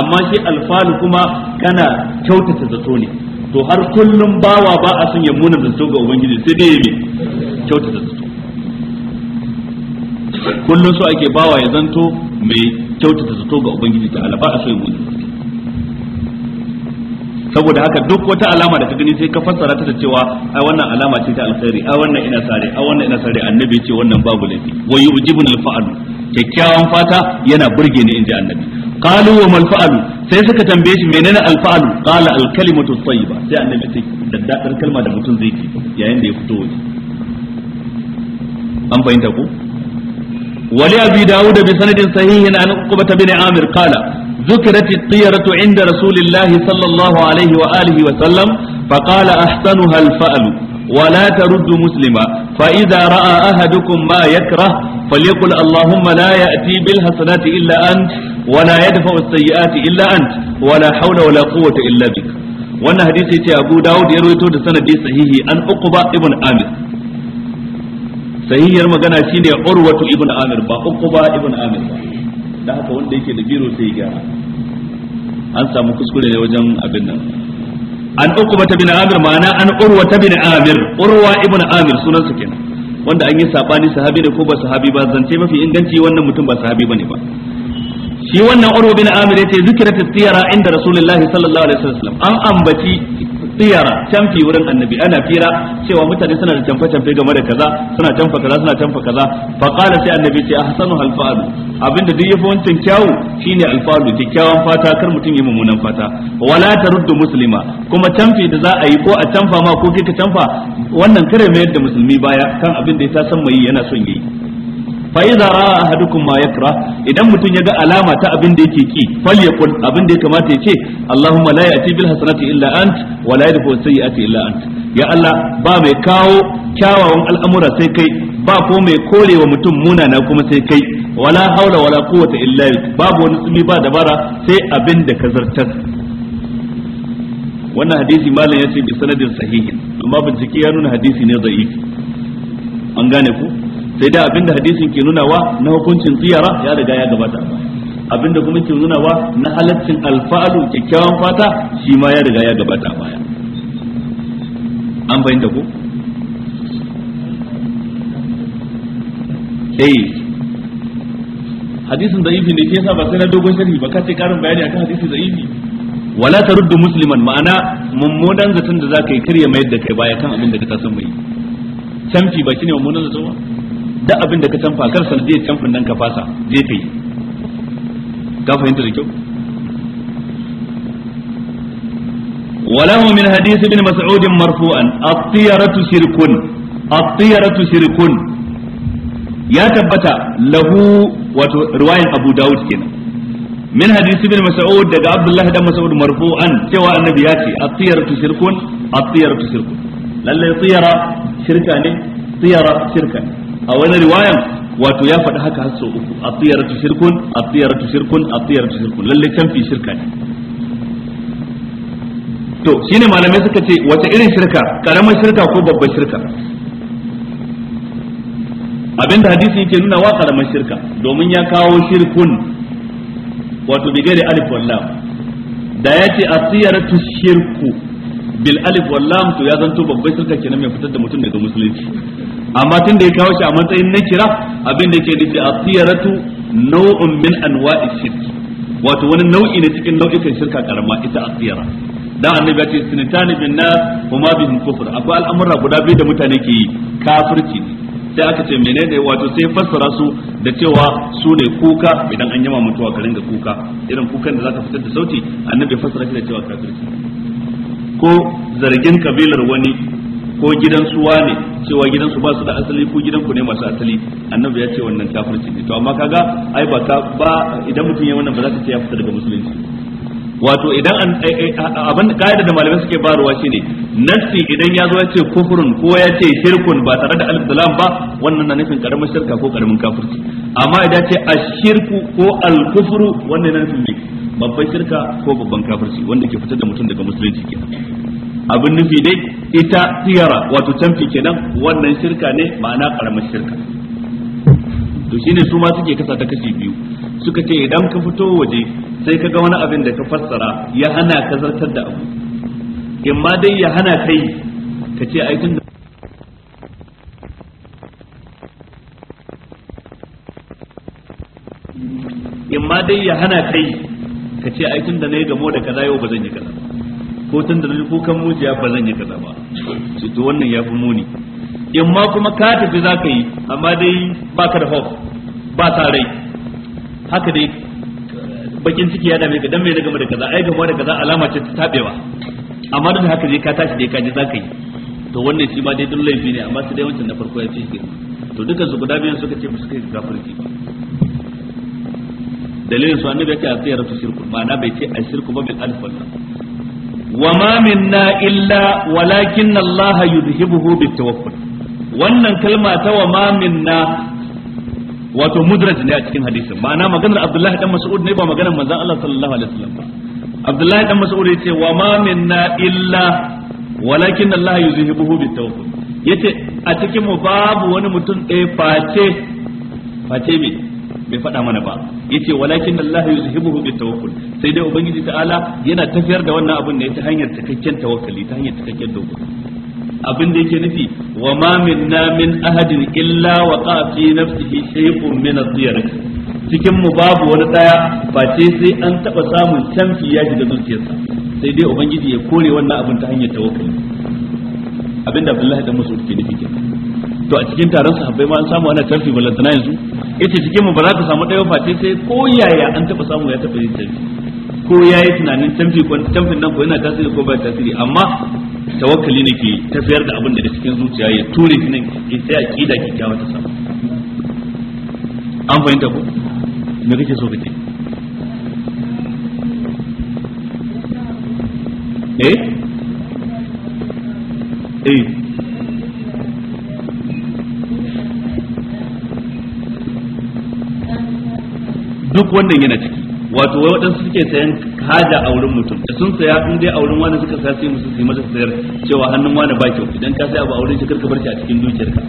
amma shi alfalu kuma kana kyautata zato ne to har kullum bawa ba a son ya munana zato ga ubangiji sai dai me kyautata zato kullum so ake bawa ya zanto mai kyautata zato ga ubangiji ta ba a so ya munana saboda haka duk wata alama da ka gani sai ka fassara ta da cewa ai wannan alama ce ta alkhairi ai wannan ina sare ai wannan ina sare annabi ce wannan babu laifi wa yujibun alfa'al kyakkyawan fata yana burge ni inji annabi qalu wa mal fa'al sai suka tambaye shi menene alfa'al qala alkalimatu tayyiba sai annabi sai da dadar kalma da mutum zai ki yayin da ya fito waje an fahimta ko ولأبي bi sanadin sahihin an عقبة bin Amir Qala. ذكرت الطيرة عند رسول الله صلى الله عليه وآله وسلم فقال أحسنها الفأل ولا ترد مسلما فإذا رأى أحدكم ما يكره فليقل اللهم لا يأتي بالحسنات إلا أنت ولا يدفع السيئات إلا أنت ولا حول ولا قوة إلا بك wannan hadisi ce Abu Dawud ya rawaito da sanadi sahihi an Uqba ibn Amir sahihiyar magana shine Urwatu ibn Amir ba Uqba ibn Amir ba da haka wanda yake da biro sai ya gyara an samu kuskure ne wajen abin nan an uku bata bin amir ma'ana an urwa ta bin amir urwa ibn amir sunansa kenan wanda an yi sabani sahabi ne ko ba sahabi ba zance mafi inganci wannan mutum ba sahabi bane ba shi wannan urwa bin amir yace zikirat tiyara inda rasulullahi sallallahu alaihi wasallam an ambaci tsiyara canfi wurin annabi ana fira cewa mutane suna da canfa canfe game da kaza suna canfa kaza suna canfa kaza fa qala sai annabi ce ahsanu alfalu abinda duk yafi wancan kyawu shine alfalu kyakkyawan fata kar mutum ya mummunan fata wala taruddu muslima kuma canfi da za a yi ko a canfa ma ko kika canfa wannan kare mayar yadda musulmi baya kan abin da ya ta san mai yana son yi fa idza ra'a ahadukum ma yakra idan mutum ya ga alama ta abin da yake ki falyakul abin da ya kamata ya ce Allahumma la ya'ti bil hasanati illa ant wa la yadfu sayyi'ati illa ant ya Allah ba mai kawo kyawawan al'amura sai kai ba ko mai korewa mutum munana kuma sai kai wala haula wala quwwata illa billah babu wani tsumi ba dabara sai abin da ka zartar wannan hadisi malam yace bi sanadin sahihin amma bincike ya nuna hadisi ne da'ifi an gane ku sai da abinda hadisin ke nunawa na hukuncin tsiyara ya riga ya gabata abinda kuma ke nunawa na halaccin alfa'alu kyakkyawan fata shi ma ya riga ya gabata baya an bayyana ko eh hadisin da'ifi ne ke yasa ba sai na dogon sharhi ba kace karin bayani akan hadisi da'ifi wala taruddu musliman ma'ana mummunan zaton da zaka yi karya mayar da kai baya kan abin da ka san mai canfi ba shine mummunan zaton ba da abin da ka canfa kar sanadiyar canfin nan ka fasa je kai ka fahimta da kyau وله من حديث ابن مسعود مرفوعا الطيرة شرك الطيرة شرك يا تبتا له رواية أبو داود كنا من حديث ابن مسعود دقى عبد الله بن مسعود مرفوعا سوى النبي ياتي الطيرة شرك الطيرة شرك لأن الطيرة شركة طيرة شركة a wani riwayan wato ya faɗi haka har sau uku a tu shirkun a tu shirkun a tu shirkun lalle fi shirka ne to shine malamai suka ce wata irin shirka karamar shirka ko babbar shirka abinda hadisi yake nuna wa karamar shirka domin ya kawo shirkun wato bi gairi alif wal lam da yace tu shirku bil alif wal to ya zanto babbar shirka kenan mai fitar da mutum daga musulunci amma tun da ya kawo shi a matsayin na kira abin da ke da a siyaratu nau'un min anwa'i shirk wato wani nau'i ne cikin nau'ikan shirka karama ita a da annabi ya ce sinitani bin nas kuma bihim kufr akwai al'amura guda biyu da mutane ke yi kafirci sai aka ce menene wato sai fassara su da cewa su ne kuka idan an yama mutuwa ka ringa kuka irin kukan da zaka fitar da sauti annabi fassara shi da cewa kafirci ko zargin kabilar wani ko gidan wane cewa gidan su ba su da asali ko gidan ku ne masu asali annabi ya ce wannan kafirci ne to amma kaga ai ba ta ba idan mutum ya wannan ba za ta ce ya fita daga musulunci wato idan an eh, eh, abin kaida da malamai suke barowa shine nafsi idan ya zo ya ce kufrun ko ya ce shirkun ba tare da al da ba wannan na nufin karamin shirka ko karamin kafirci amma idan ce ashirku ko alkufru wannan na nufin babban shirka ko babban kafirci wanda ke fitar da mutum daga musulunci kenan abin nufi dai ita siyara wato canfi kenan wannan shirka ne ma'ana karamar shirka to shine su ma suke kasa ta kashi biyu suka ce idan ka fito waje sai ka ga wani abin da ka fassara ya hana ka zartar da abu imma dai ya hana kai ka ce ai da na yi gamo da kaza yau ba zan yi kaza ko tun da kukan mujiya ba zan yi kaza ba shi to wannan ya fi muni in ma kuma ka tafi za ka yi amma dai ba ka da hof ba sa rai haka dai bakin ciki ya dame ka dan mai na gama da kaza ai gama da kaza alama ce ta tabewa amma duk haka dai ka tashi dai ka ji za ka yi to wannan shi ba dai dun laifi ne amma su dai wancan na farko ya ce shi to dukkan su guda biyan suka ce ba su kai kafirci ba dalilin su annabi ya ce a tsayar su shirku ma'ana bai ce a shirku ba bil alif wa ma minna illa walakin Allah yuzhibuhu bitawakkul wannan kalma ta wa ma minna wato mudraj ne a cikin hadisin ma'ana maganar Abdullahi dan Mas'ud ne ba maganar manzon Allah sallallahu alaihi wasallam ba Abdullahi dan Mas'ud yace wa ma minna illa walakin Allah yuzhibuhu bitawakkul yace a cikin mu babu wani mutum ɗaya face face me bai faɗa mana ba yace walakin Allah yuzhibuhu bi tawakkul sai dai ubangiji ta'ala yana tafiyar da wannan abin ne ta hanyar cikakken tawakkali ta hanyar cikakken dogaro abin da yake nufi wa ma minna min ahadin illa wa qa fi nafsihi shay'un min ad cikin mu babu wani daya face sai an taba samun canfi ya shiga zuciyarsa sai dai ubangiji ya kore wannan abin ta hanyar tawakkali abinda Abdullahi da Mas'ud ke nufi kenan to a cikin taron sahabbai ma an samu ana tarfi balantana yanzu yace cikin mu ba za ka samu ɗaya face sai ko yaya an taɓa samu ya taɓa yin tarfi ko ya yi tunanin tamfi ko tamfin nan ko yana tasiri ko ba tasiri amma tawakkali ne ke tafiyar da abin da cikin zuciya ya ture shi nan ke sai a aqida kikkiawa ta samu an fahimta ko me kake so kake eh eh duk wannan yana ciki wato wai waɗansu suke sayan haja a wurin mutum da sun saya sun dai a wurin wani suka sa sai musu su masa sayar cewa hannun wani ba kyau idan ka sai abu a wurin shi karka bar shi a cikin ka,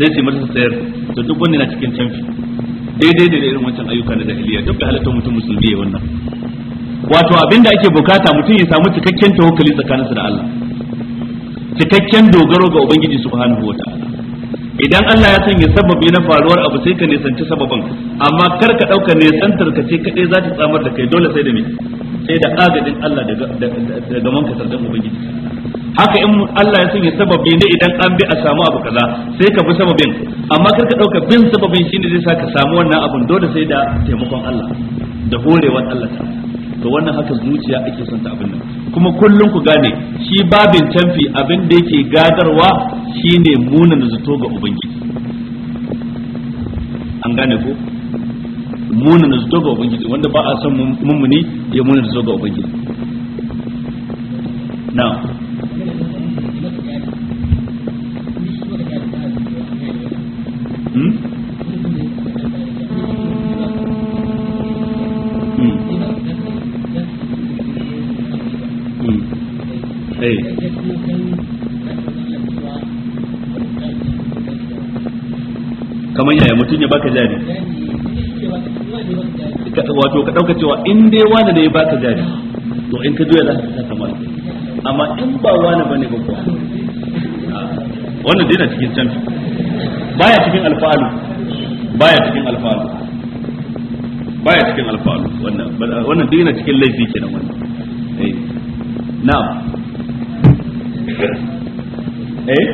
sai su masa sayar to duk wannan yana cikin canfi daidai da irin wancan ayyuka na jahiliya duk da halatta mutum musulmi ya wannan wato abinda ake bukata mutum ya samu cikakken tawakkali tsakaninsa da Allah cikakken dogaro ga ubangiji subhanahu wataala idan Allah ya sanya sababi na faruwar abu sai ka nisanci sababin amma kar ka dauka ne tsantar ka ce kaɗai za ta tsamar da kai dole sai da me sai da agadin Allah daga daga manka sardan ubangiji haka in Allah ya sanya sababi ne idan an bi a samu abu kaza sai ka bi sababin amma kar ka dauka bin sababin shine zai sa ka samu wannan abun dole sai da taimakon Allah da horewar Allah ta to wannan haka zuciya ake son ta abin nan kuma kullun ku gane shi babin canfi abin da yake gadarwa shine munana zato ga ubangiji an gane ko muna na zuwa ga ubangiji wanda ba a son mummuni ya muna na zuwa ga ubangiji na hmm? hmm? Hey. kamar yaya mutum ya baka jari wato ka dauka cewa in dai wani ne ya baka jari to in ka juya za ka samu amma in ba wani bane ba kuwa wannan dai na cikin canfi baya cikin alfalu baya cikin alfalu baya cikin alfalu wannan wannan dai na cikin laifi kenan wannan eh na'am eh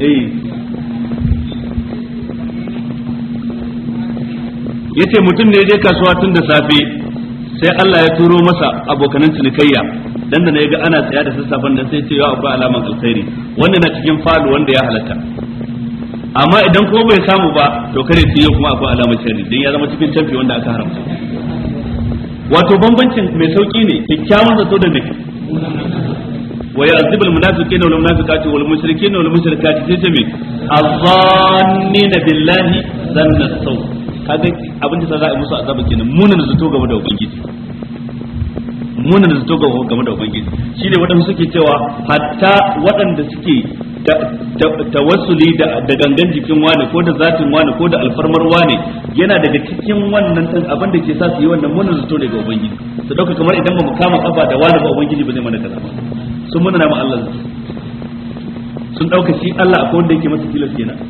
eh yace mutum ne je kasuwa tun da safe sai Allah ya turo masa abokanan cinikayya dan da ga ana tsaya da sassafen da sai ce ya akwai alaman alkhairi wanda na cikin falu wanda ya halatta amma idan ko bai samu ba to kare shi kuma akwai alamar sharri dan ya zama cikin canfi wanda aka haramta wato bambancin mai sauki ne kyakkyawan zato da wal ويعذب wal والمنافقات والمشركين والمشركات تجمي azanni بالله zanna السوء kaga abin da za a yi musu azaba kenan munan zato game da ubangiji munan zato game da ubangiji shine waɗanda suke cewa hatta waɗanda suke tawassuli da gangan jikin wane ko da zatin wane ko da alfarmar wane yana daga cikin wannan tan abin da ke sa su yi wannan munan zato ne ga ubangiji su dauka kamar idan ba mu kama kafa da wani ba ubangiji ba zai mana kaza ba sun munana ma Allah sun dauka shi Allah akwai wanda yake masa tilas kenan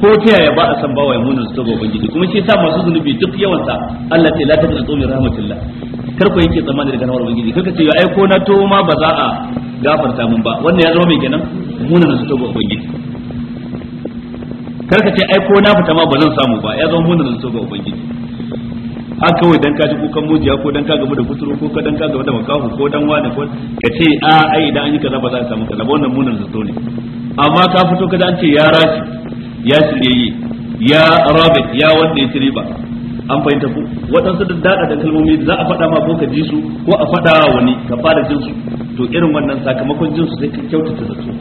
ko ta yaya ba a san bawa ya munin su ubangiji kuma shi yasa masu zunubi duk yawansa Allah ta la ta tsu min rahmatillah kar ku yake tsammani daga rahmar ubangiji kaka ce ai ko na to ma ba za a gafarta mun ba wannan ya zama mai kenan munin su ubangiji kar ka ce ai ko na fita ma ba zan samu ba ya zama munin su ubangiji a kawai dan ka ji kukan mujiya ko dan ka gaba da kuturu ko ka dan ka gaba da makahu ko dan wani ko ka ce a ai idan an yi kaza ba za a samu kaza ba wannan munin zato ne amma ka fito kaza an ce ya rashi ya shiryayye ya rabit ya wanda ya shiri ba an fahimta ku waɗansu da daɗa da kalmomi za a faɗa ma ko ka ji su ko a faɗa wani ka fara jin su to irin wannan sakamakon jin su sai ka kyautata da su.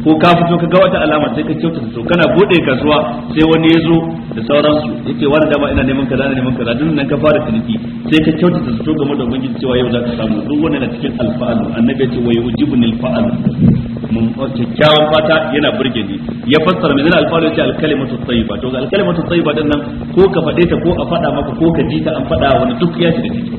ko ka fito ka ga wata alama sai ka kyautata to kana bude kasuwa sai wani ya zo da sauransu yace wani dama ina neman kaza ina neman kaza dun nan ka fara ciniki sai ka kyautata to game da ubangiji cewa yau za ka samu duk wannan yana cikin alfa'al annabi ce wa yujibun alfa'al mun oh, kyakkyawan fata yana burge ni ya fassara mai alfa'al yace alkalimatu tayyiba to ga alkalimatu tayyiba din nan ko ka fade ta ko a fada maka ko ka ji ta an fada wani duk ya shiga ciki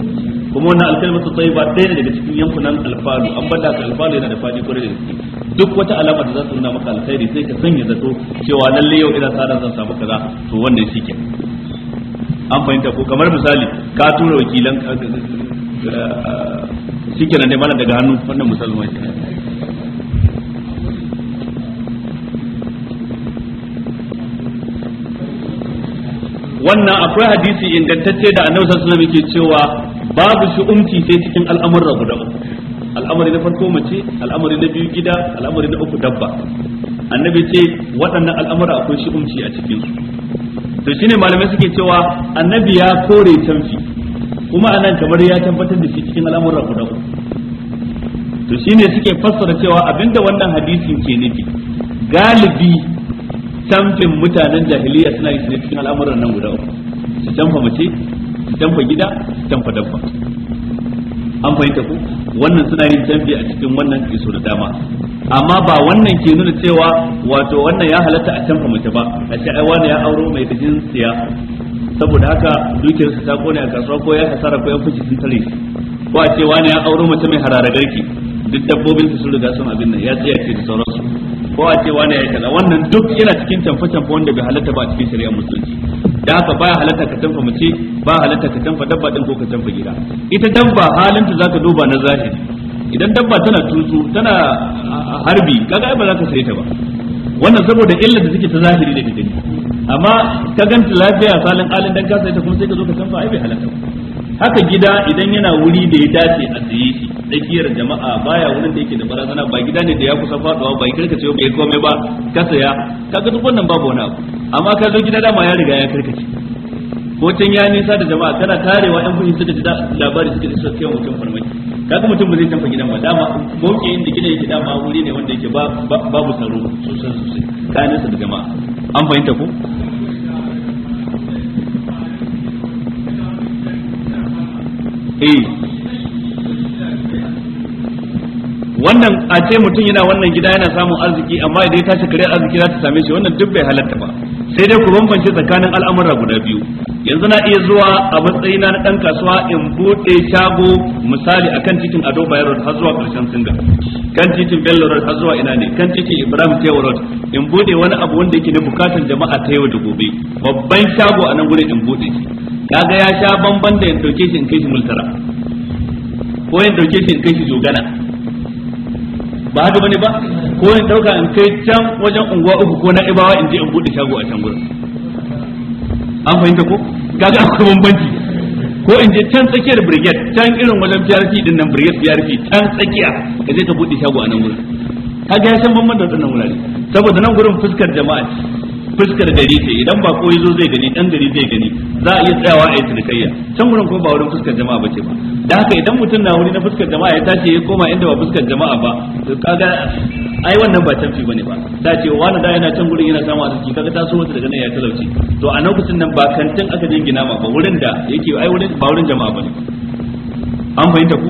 kuma wannan alkalimatu tayyiba ɗaya ne daga cikin yankunan alfa'al an bada ka alfalu yana da fadi kwarai da gaske duk wata alama da za su nuna maka alkhairi sai ka sanya zato cewa lalle yau ina sa zan samu kaza to wannan ke an fahimta ko kamar misali ka tura wakilan eh, eh, shike nan dai mana daga hannu wannan musulmai wannan akwai hadisi ingantacce da annabi sallallahu alaihi wasallam yake cewa babu shi umti sai cikin al'amuran guda uku al'amari na farko mace al'amari na biyu gida al'amari na uku dabba annabi ce waɗannan al'amura akwai umci a cikin su to shine malamai suke cewa annabi ya kore canfi kuma anan kamar ya tabbatar da shi cikin al'amuran guda uku to shine suke fassara cewa abinda wannan hadisin ke nufi galibi canfin mutanen jahiliya suna yi cikin al'amuran nan guda uku su canfa mace su canfa gida su canfa dabba an fahimta ku wannan suna yin canji a cikin wannan kiso da dama amma ba wannan ke nuna cewa wato wannan ya halatta a canfa mace ba a ce ai wani ya auro mai bijin siya saboda haka su ta kone a kasuwa ko ya hasara ko ya fushi sun tare ko a ce wani ya auro mace mai harara garki duk dabbobin su riga sun abin nan ya tsaya ce da sauransu ko a ce wani ya kaza wannan duk yana cikin canfa-canfa wanda bai halatta ba a cikin shari'ar musulunci da haka baya halatta ka canfa mace ba halatta ka canfa dabba din ko ka canfa gida ita dabba halinta zaka duba na zahiri idan dabba tana tutu tana harbi kaga ba za ka sai ta ba wannan saboda illar da suke ta zahiri da gidani amma ka ganta lafiya salin alin dan ka sai ta kuma sai ka zo ka canfa ai bai halatta haka gida idan yana wuri da ya dace a tsaye shi tsakiyar jama'a baya wurin da yake da barazana ba gida ne da ya kusa faduwa ba kirka ce bai komai ba ka saya kaga duk wannan babu wani abu amma ka zo gida dama ya riga ya karkace ko can ya nisa da jama'a kana tarewa yan fushi suka ji labari suka ji suka kai mutum farmaki kaga mutum ba zai tafi gidan ba dama boke inda gida yake dama wuri ne wanda yake babu tsaro sosai sosai kayansa da jama'a an fahimta ko eh wannan a ce mutum yana wannan gida yana samun arziki amma idan ya tashi kare arziki za ta same shi wannan duk bai halatta ba sai dai ku bambance tsakanin al'amura guda biyu yanzu na iya zuwa a matsayina na dan kasuwa in bude shago misali akan titin Ado Bayero har zuwa karshen singa kan titin Bello Road har zuwa ina ne kan titin Ibrahim Tewa Road in bude wani abu wanda yake ne bukatan jama'a ta yau da gobe babban shago a nan gurin in bude kaga ya sha bamban da in dauke shi in kai shi multara ko in dauke shi in kai shi jogana ba haka bane ba ko in dauka in kai can wajen unguwa uku ko na ibawa in je in bude shago a can gurin an fahimta ko kaga akwai bambanci ko in je can tsakiyar brigade can irin wajen PRP din nan brigade PRP can tsakiya ka je ka bude shago a nan gurin kaga ya san bambanci da wannan wurare saboda nan gurin fuskar jama'a ce fuskar gari ce idan ba ko yazo zai gani dan gari zai gani za a iya tsayawa a yi cinikayya can gurin kuma ba wurin fuskar jama'a ba ce ba da haka idan mutum na wuri na fuskar jama'a ya tashi ya koma inda ba fuskar jama'a ba to kaga ai wannan ba canfi bane ba da ce wani da yana can gurin yana samu arziki kaga ta so wata daga nan ya talauci to a kusin nan ba kantin aka jingina ma ba wurin da yake ai wurin ba wurin jama'a bane an fahimta ku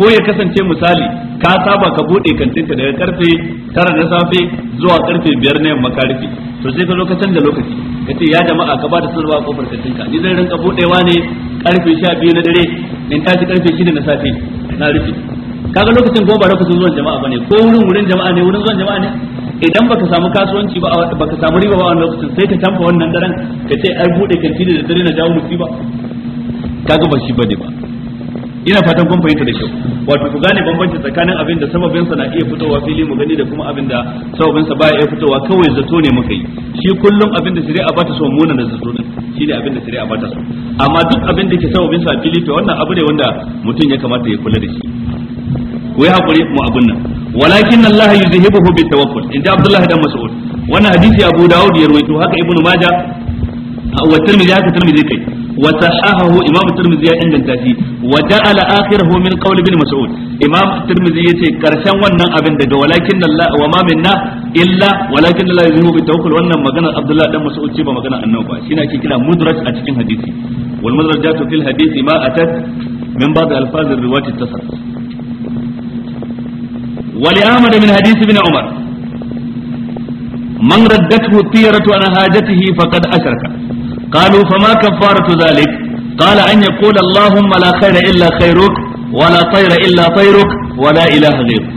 ko ya kasance misali ka saba ka bude kantinka daga karfe tara na safe zuwa karfe biyar na yamma ka rufe to sai ka lokacin da lokaci ka ce ya jama'a ka ba da sanarwa a kofar ka. ni zan rinka buɗewa ne karfe sha biyu na dare in tashi karfe shida na safe na rufe kaga lokacin kuma ba lokacin zuwan jama'a bane ko wurin wurin jama'a ne wurin zuwan jama'a ne idan baka samu kasuwanci ba baka samu riba ba wannan lokacin sai ka tamfa wannan daren ka ce ai bude kanti da dare na jawo musiba kaga ba shi bane ba ina fatan kun fahimta da kyau wato ku gane bambanci tsakanin abin da sababin sa na iya fitowa fili mu gani da kuma abin da sababin sa baya iya fitowa kawai zato ne muka yi shi kullum abin da shari'a ba ta so muna da zato din ne abin da shari'a ba ta so amma duk abin da ke sababin sa fili to wannan abu ne wanda mutum ya kamata ya kula da shi ku yi hakuri mu abun nan walakin Allah yuzhibuhu bi tawakkul inda Abdullah dan Mas'ud wannan hadisi Abu Dawud ya rawaito haka Ibn Majah wa Tirmidhi haka Tirmidhi kai wa sahahahu imam tirmidhi ya inganta si wa ja'ala akhirahu min qawl ibn mas'ud imam tirmidhi yace karshen wannan abin daga walakin Allah wa ma minna illa walakin Allah yuhu bi tawakkul wannan maganar Abdullah dan ce ba maganar annabi ba shine ake kira mudraj a cikin hadisi wal mudrajatu fil hadisi ma atat min ba'd alfaz riwayat tasar wa li Ahmad min hadisi ibn Umar man raddathu tiyaratu an hajatihi faqad asharaka قالوا فما كفارة ذلك قال أن يقول اللهم لا خير إلا خيرك ولا طير إلا طيرك ولا إله غيرك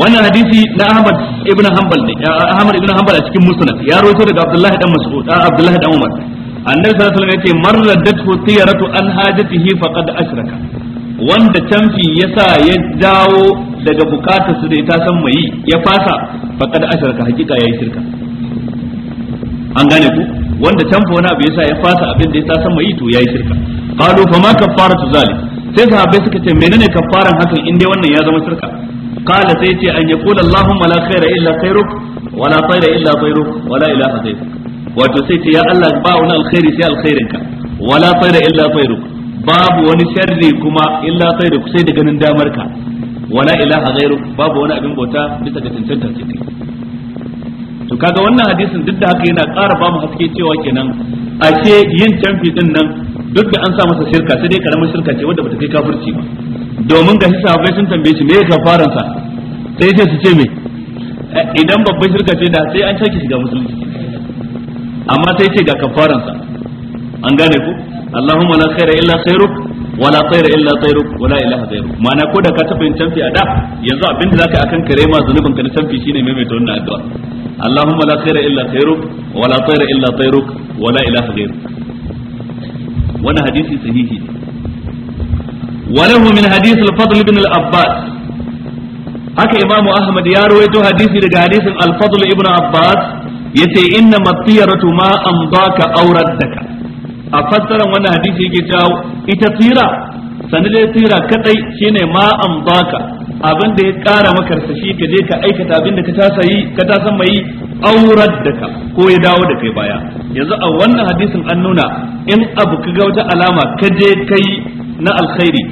wannan hadisi na Ahmad ibn Hanbal ne Ahmad ibn Hanbal a cikin musnad ya rawaito daga Abdullah dan Mas'ud Abdullah dan Umar annabi sallallahu alaihi wasallam yace man raddathu tiyaratu an hajatihi faqad ashraka wanda canfi yasa ya dawo daga bukatar su da ita san mai ya fasa faqad ashraka hakika yayi shirka an gane ku wanda tamfa wani abu yasa ya fasa abin da ya san mai to yayi shirka qalu fa ma kaffaratu zalik sai sahabbai suka ce menene kaffaran hakan in dai wannan ya zama shirka qala sai ce an yaqula allahumma la khaira illa khairuk wa la tayra illa tayruk wa la ilaha ghayruk wato sai ce ya allah ba wani alkhairi sai alkhairinka wa la tayra illa tayruk babu wani sharri kuma illa tayruk sai da ganin damar damarka wala ilaha ghayruk babu wani abin bauta bisa ga tantantar kai to kaga wannan hadisin duk da haka yana ƙara ba mu haske cewa kenan ashe yin canfi din nan duk da an sa masa shirka sai dai karamin shirka ce wadda bata kai kafirci ba domin ga shi sahabbai sun tambaye shi me ya kafaran sa sai sai su ce me eh, idan babban shirka ce da sai an sake shiga musulunci amma sai ce ga kafaran sa an gane ku Allahumma la khaira illa khairuk wala tsayra illa tsayruk wala ilaha ghayruk ma'ana ko da ka taɓa yin canfi a da yanzu abinda zaka kan kare ma zanubin ka na canfi shine maimaita wannan addu'a Allahumma la khayra illa khayruk wala tsayra illa tsayruk wala ilaha hadisi sahihi وله من حديث الفضل بن العباس haka imamu ahmad ya ruwaito hadisi daga hadisin al ibn abbas yace inna matiyaratu ma an baka auradaka a fassaran wannan hadisi yake cewa ita tsira dai tsira kadai shine ma an baka abin da ya kara maka shi ka je ka aikata abin da ka tasa yi ka tasa mai aurar da ka ko ya dawo da kai baya yanzu a wannan hadisin an nuna in abu ka wata alama ka je kai na alkhairi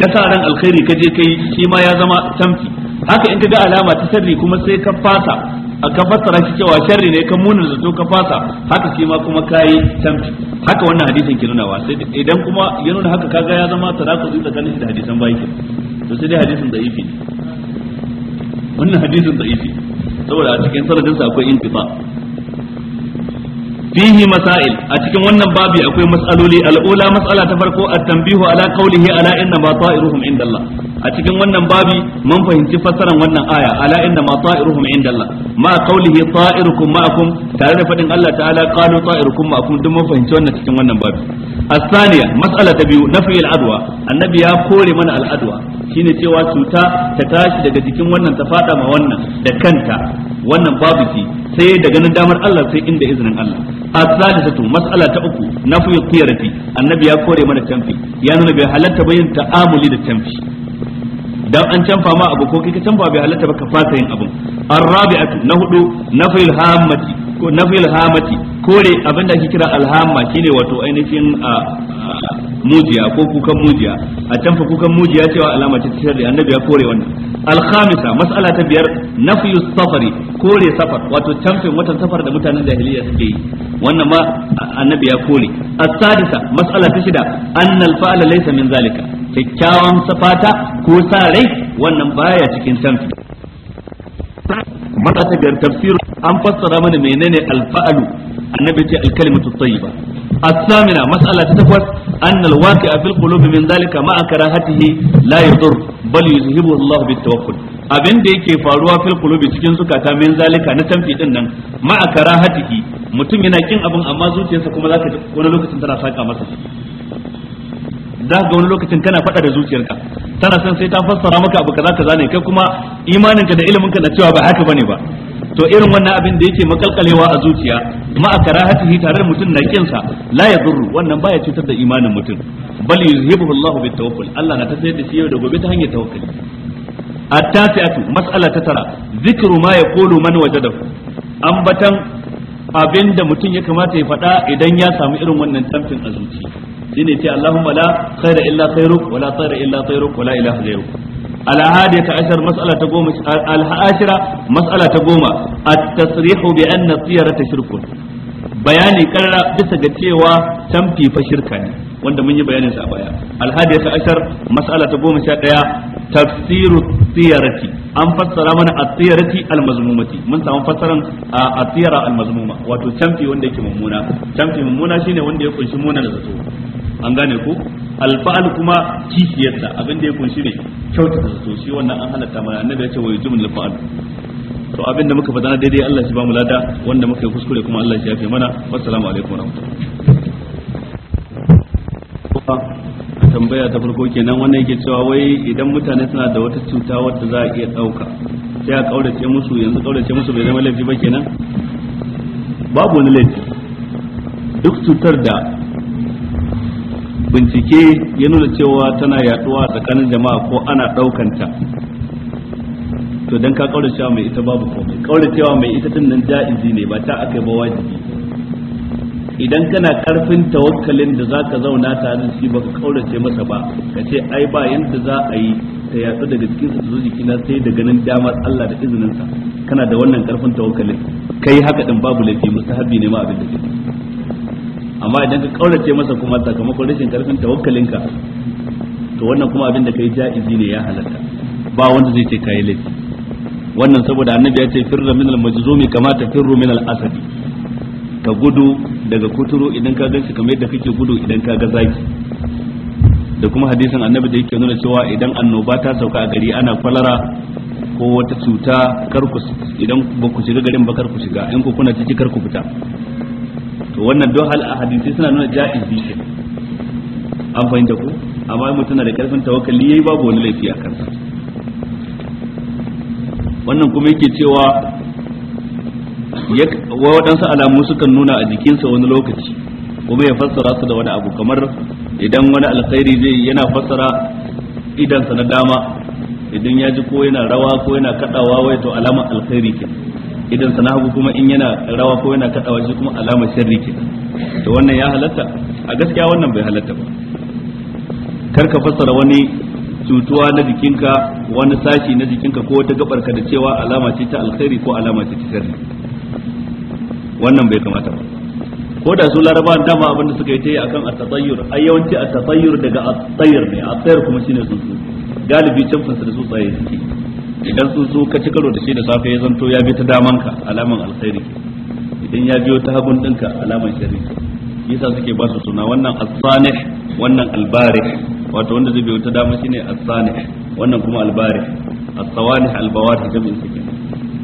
ka sa ran alkhairi ka je kai shi ma ya zama tamfi haka in ka ga alama ta sirri kuma sai ka fasa ka fassara shi cewa sharri ne ka munin zato ka fasa haka shi ma kuma kayi tamfi haka wannan hadisin ke wa sai idan kuma ya nuna haka kaga ya zama sadaka zuwa tsakanin shi da hadisan bayi ke to sai dai hadisin da'ifi wannan hadisin da'ifi saboda a cikin sanadin sa akwai intifa fihi masail a cikin wannan babi akwai mas'aloli al'ula mas'ala ta farko at-tanbihu ala qawlihi ala inna ma ta'iruhum indallah a cikin wannan babi mun fahimci fassaran wannan aya ala inna ma ta'iruhum indallah ma qawlihi ta'irukum ma'akum tare da faɗin Allah ta'ala qalu ta'irukum ma'akum duk mun fahimci wannan cikin wannan babi as-thaniya mas'ala ta biyu nafi annabi ya kore mana al shine cewa cuta ta tashi daga jikin wannan ta fada ma wannan da kanta wannan babu ce sai da ganin damar Allah sai inda izinin Allah as-salisatu mas'ala ta uku nafi qiyarati annabi ya kore mana canfi ya nuna bai halatta bayin ta'amuli da canfi dan an canfa ma abu ko kika canfa bai halatta ba ka fasa yin abu ar-rabi'atu na hudu nafi al-hammati ko nafi al-hammati kore abinda ake kira al-hamma shine wato ainihin ah, ah, mujiya ko kukan mujiya a can fa kukan mujiya cewa alama ce ta sharri annabi ya kore wannan al mas'ala ta biyar nafyu safari kore safar wato camfin watan safar da mutanen jahiliya suke yi wannan ma annabi ya kore as-sadisa mas'ala ta shida annal fa'ala laysa min zalika kyakkyawan safata ko sa rai wannan baya cikin camfi mata ta biyar tafsir an fassara mana menene alfa'alu. annabi ce alkalimatu tayyiba as-samina mas'ala ta takwas anna al-waqi'a fil qulubi min zalika ma karahatihi la yadur bal yuzhibu Allah bit tawakkul abin da yake faruwa fil qulubi cikin zukata min zalika na tamfi din nan ma karahatihi mutum yana kin abin amma zuciyarsa kuma zaka wani lokacin tana saka masa za ga wani lokacin kana faɗa da zuciyarka tana san sai ta fassara maka abu kaza kaza ne kai kuma imaninka da iliminka na cewa ba haka bane ba to irin wannan abin da yake makalkalewa a zuciya ma a karahatihi tare da mutum na kinsa la zurru wannan baya cutar da imanin mutum bal yuzhibuhu Allahu bit tawakkul Allah na tafiyar da shi yau da gobe ta hanyar tawakkali at-tasi'atu mas'ala ta tara zikru ma yaqulu man wajadahu ambatan abin da mutum ya kamata ya faɗa idan ya samu irin wannan tamfin a zuci shine ce Allahumma la khaira illa khairuk wa la illa khairuk wa la ilaha ghayruk الأحادية عشر مسألة تقوم العاشرة مسألة تقوم التصريح بأن الطيرة شرك bayani karra bisa ga cewa tamfi fa shirka ne wanda mun yi bayanin sa baya alhadi ta ashar mas'ala ta goma sha daya tafsiru tiyarati an fassara mana at-tiyarati al-mazmumati mun samu fassaran at-tiyara al-mazmuma wato tamfi wanda yake mummuna tamfi mummuna shine wanda ya kunshi munan zato an gane ko alfa'al kuma kishiyarsa abin da ya kunshi ne kyautata su shi wannan an halatta mana annabi ya ce wai yujumul fa'al to abin da muka faɗa na daidai Allah shi ba mu lada wanda muka yi kuskure kuma Allah shi ya fi mana assalamu alaikum warahmatullahi tambaya ta farko kenan wannan yake cewa wai idan mutane suna da wata cuta wadda za a iya ɗauka sai a ƙaurace musu yanzu ƙaurace musu bai zama laifi ba kenan babu wani laifi duk cutar da bincike ya nuna cewa tana yaduwa tsakanin jama'a ko ana ta to dan ka kaura cewa mai ita babu komai kaura cewa mai ita din nan ja'izi ne ba ta akai ba wajibi idan kana karfin tawakkalin da zaka zauna tare da shi baka kaurace masa ba ka ce ai ba yanda za a yi ta yatsu daga cikin sa zuwa jikina sai da ganin damar Allah da izinin sa kana da wannan karfin tawakkalin kai haka din babu laifi mustahabi ne ma abin da kake amma idan ka kaurace masa kuma sakamakon rashin karfin tawakkalinka to wannan kuma abin da kai ja'izi ne ya halatta ba wanda zai ce kai laifi wannan saboda annabi ya ce firra minal majzumi kama tafirru minal asadi ka gudu daga kuturu idan ka gansu kamar yadda kake gudu idan ka ga zaki da kuma hadisin annabi da yake nuna cewa idan annoba ta sauka a gari ana kwalara ko wata cuta kar ku idan ba ku shiga garin ba kar ku shiga in ku kuna ciki kar ku fita to wannan don hal a hadisi suna nuna ja'iz bikin an fahimta ko amma mutum na da karfin tawakkali yayi babu wani laifi a kansa wannan kuma yake cewa wa waɗansu alamu sukan nuna a jikinsa wani lokaci kuma ya fassara su da wani abu kamar idan wani alkhairi zai yana fassara idansa na dama idan ya ji ko yana rawa ko yana kadawa wai to alamar alkhairi kenan idan sana hagu kuma in yana rawa ko yana kadawa shi kuma alamar sirri ke to wannan ya halatta a gaskiya wannan bai halatta ba kar ka fassara wani cutuwa na jikinka wani sashi na jikinka ko wata gabar ka da cewa alama ce ta alkhairi ko alama ce ta sirri wannan bai kamata ba ko da su laraba dama abin da suka yi ta yi akan at-tatayyur ai yawanci at-tatayyur daga at tayyur ne at tayyur kuma shine tsuntsu galibi can fasara su tsaye suke idan tsuntsu ka ci karo da shi da safe ya zanto ya bi ta damanka alaman alkhairi idan ya biyo ta hagun dinka alaman shari yasa suke ba su suna wannan asanih wannan albarih wato wanda zai biyo ta dama shine asanih wannan kuma albarih asawanih albawati jami'in suke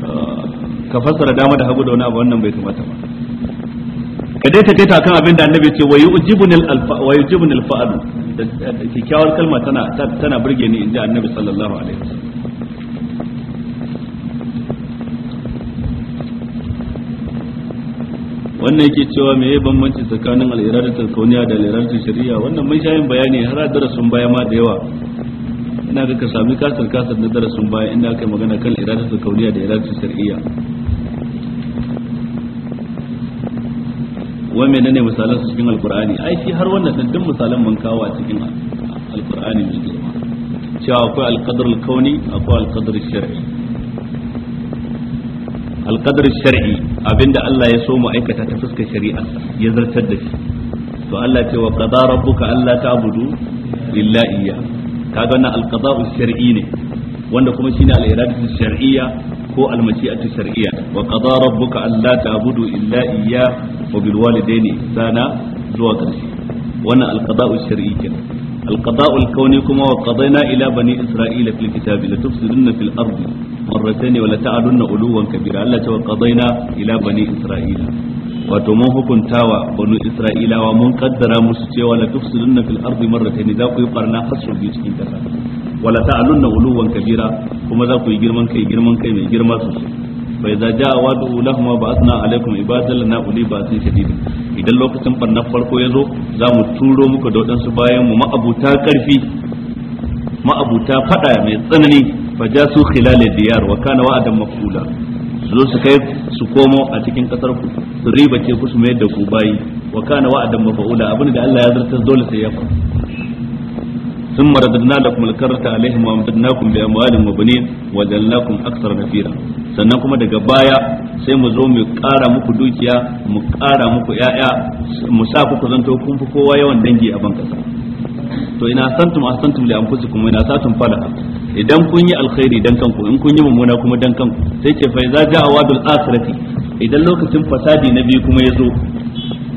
ah, ka fassara dama da hagu da wani abu wannan bai kamata ba ka dai ta takaita kan abin da annabi ce wayu ujibunil alfa wayu ujibunil fa'al da kyakkyawar kalma tana tana burge ni inda annabi sallallahu alaihi wasallam wannan yake cewa me ya bambanci tsakanin al'iradatul kauniya da al'iradatul shari'a wannan mun shayin bayani har a darasin baya ma da yawa ina ga ka sami kasar kasar na darasin baya inda aka yi magana kan iradatul kauniya da iradatul shari'a wa menene misalan su cikin al'kur'ani ai shi har wannan din misalan mun kawo a cikin al'kur'ani mai girma cewa akwai alqadrul kauni akwai alqadrul shar'i alqadar shar'i abinda Allah ya so mu aikata ta fuskar shari'a ya zartar da shi to Allah ce wa qada rabbuka alla ta'budu illa iyya kaga wannan alqada'u shar'i ne wanda kuma shine al-iradatu shar'iyya ko al-mashi'atu shar'iyya wa qada rabbuka alla ta'budu illa iyya wa bil walidayni ihsana zuwa ƙarshe wannan alqada'u shar'i kenan alqada'u al-kawni kuma wa qadayna ila bani isra'ila fil kitabi la tufsiduna fil ardi marratayn wala ta'adunna uluwan kabira Allah ce wa qadaina ila bani isra'ila wato mun hukunta wa banu isra'ilawa mun kaddara musu cewa la tufsidunna fil ardi marratayn za ku yi barna har sau biyu cikin kasa wala ta'alunna uluwan kabira kuma za ku yi girman kai girman kai mai girma sosai fa idza jaa wadu lahum ba'athna alaikum ibadan lana uli ba'sin shadid idan lokacin barnar farko ya zo za mu turo muku da wadansu bayan mu ma'abuta karfi ma'abuta fada mai tsanani fajasu khilal diyar wa kana wa'adan maf'ula su zo su kai su komo a cikin kasar ku su riba ce ku su mayar da ku bayi wa kana wa'adan maf'ula abin da Allah ya zartar dole sai ya faru ثم رددنا لكم الكرة عليهم وامددناكم بأموال وبنين وجعلناكم أكثر نفيرا sannan kuma daga baya sai mu zo mu ƙara muku dukiya mu ƙara muku ƴaƴa mu sa ku zanto kun fi kowa yawan dangi a ban kasa to ina santum ahsantum li anfusikum wa ina satum falaha idan kun yi alkhairi dan kanku in kun yi mummuna kuma dan kanku sai ce fa idza jaa wadul akhirati idan lokacin fasadi na biyu kuma yazo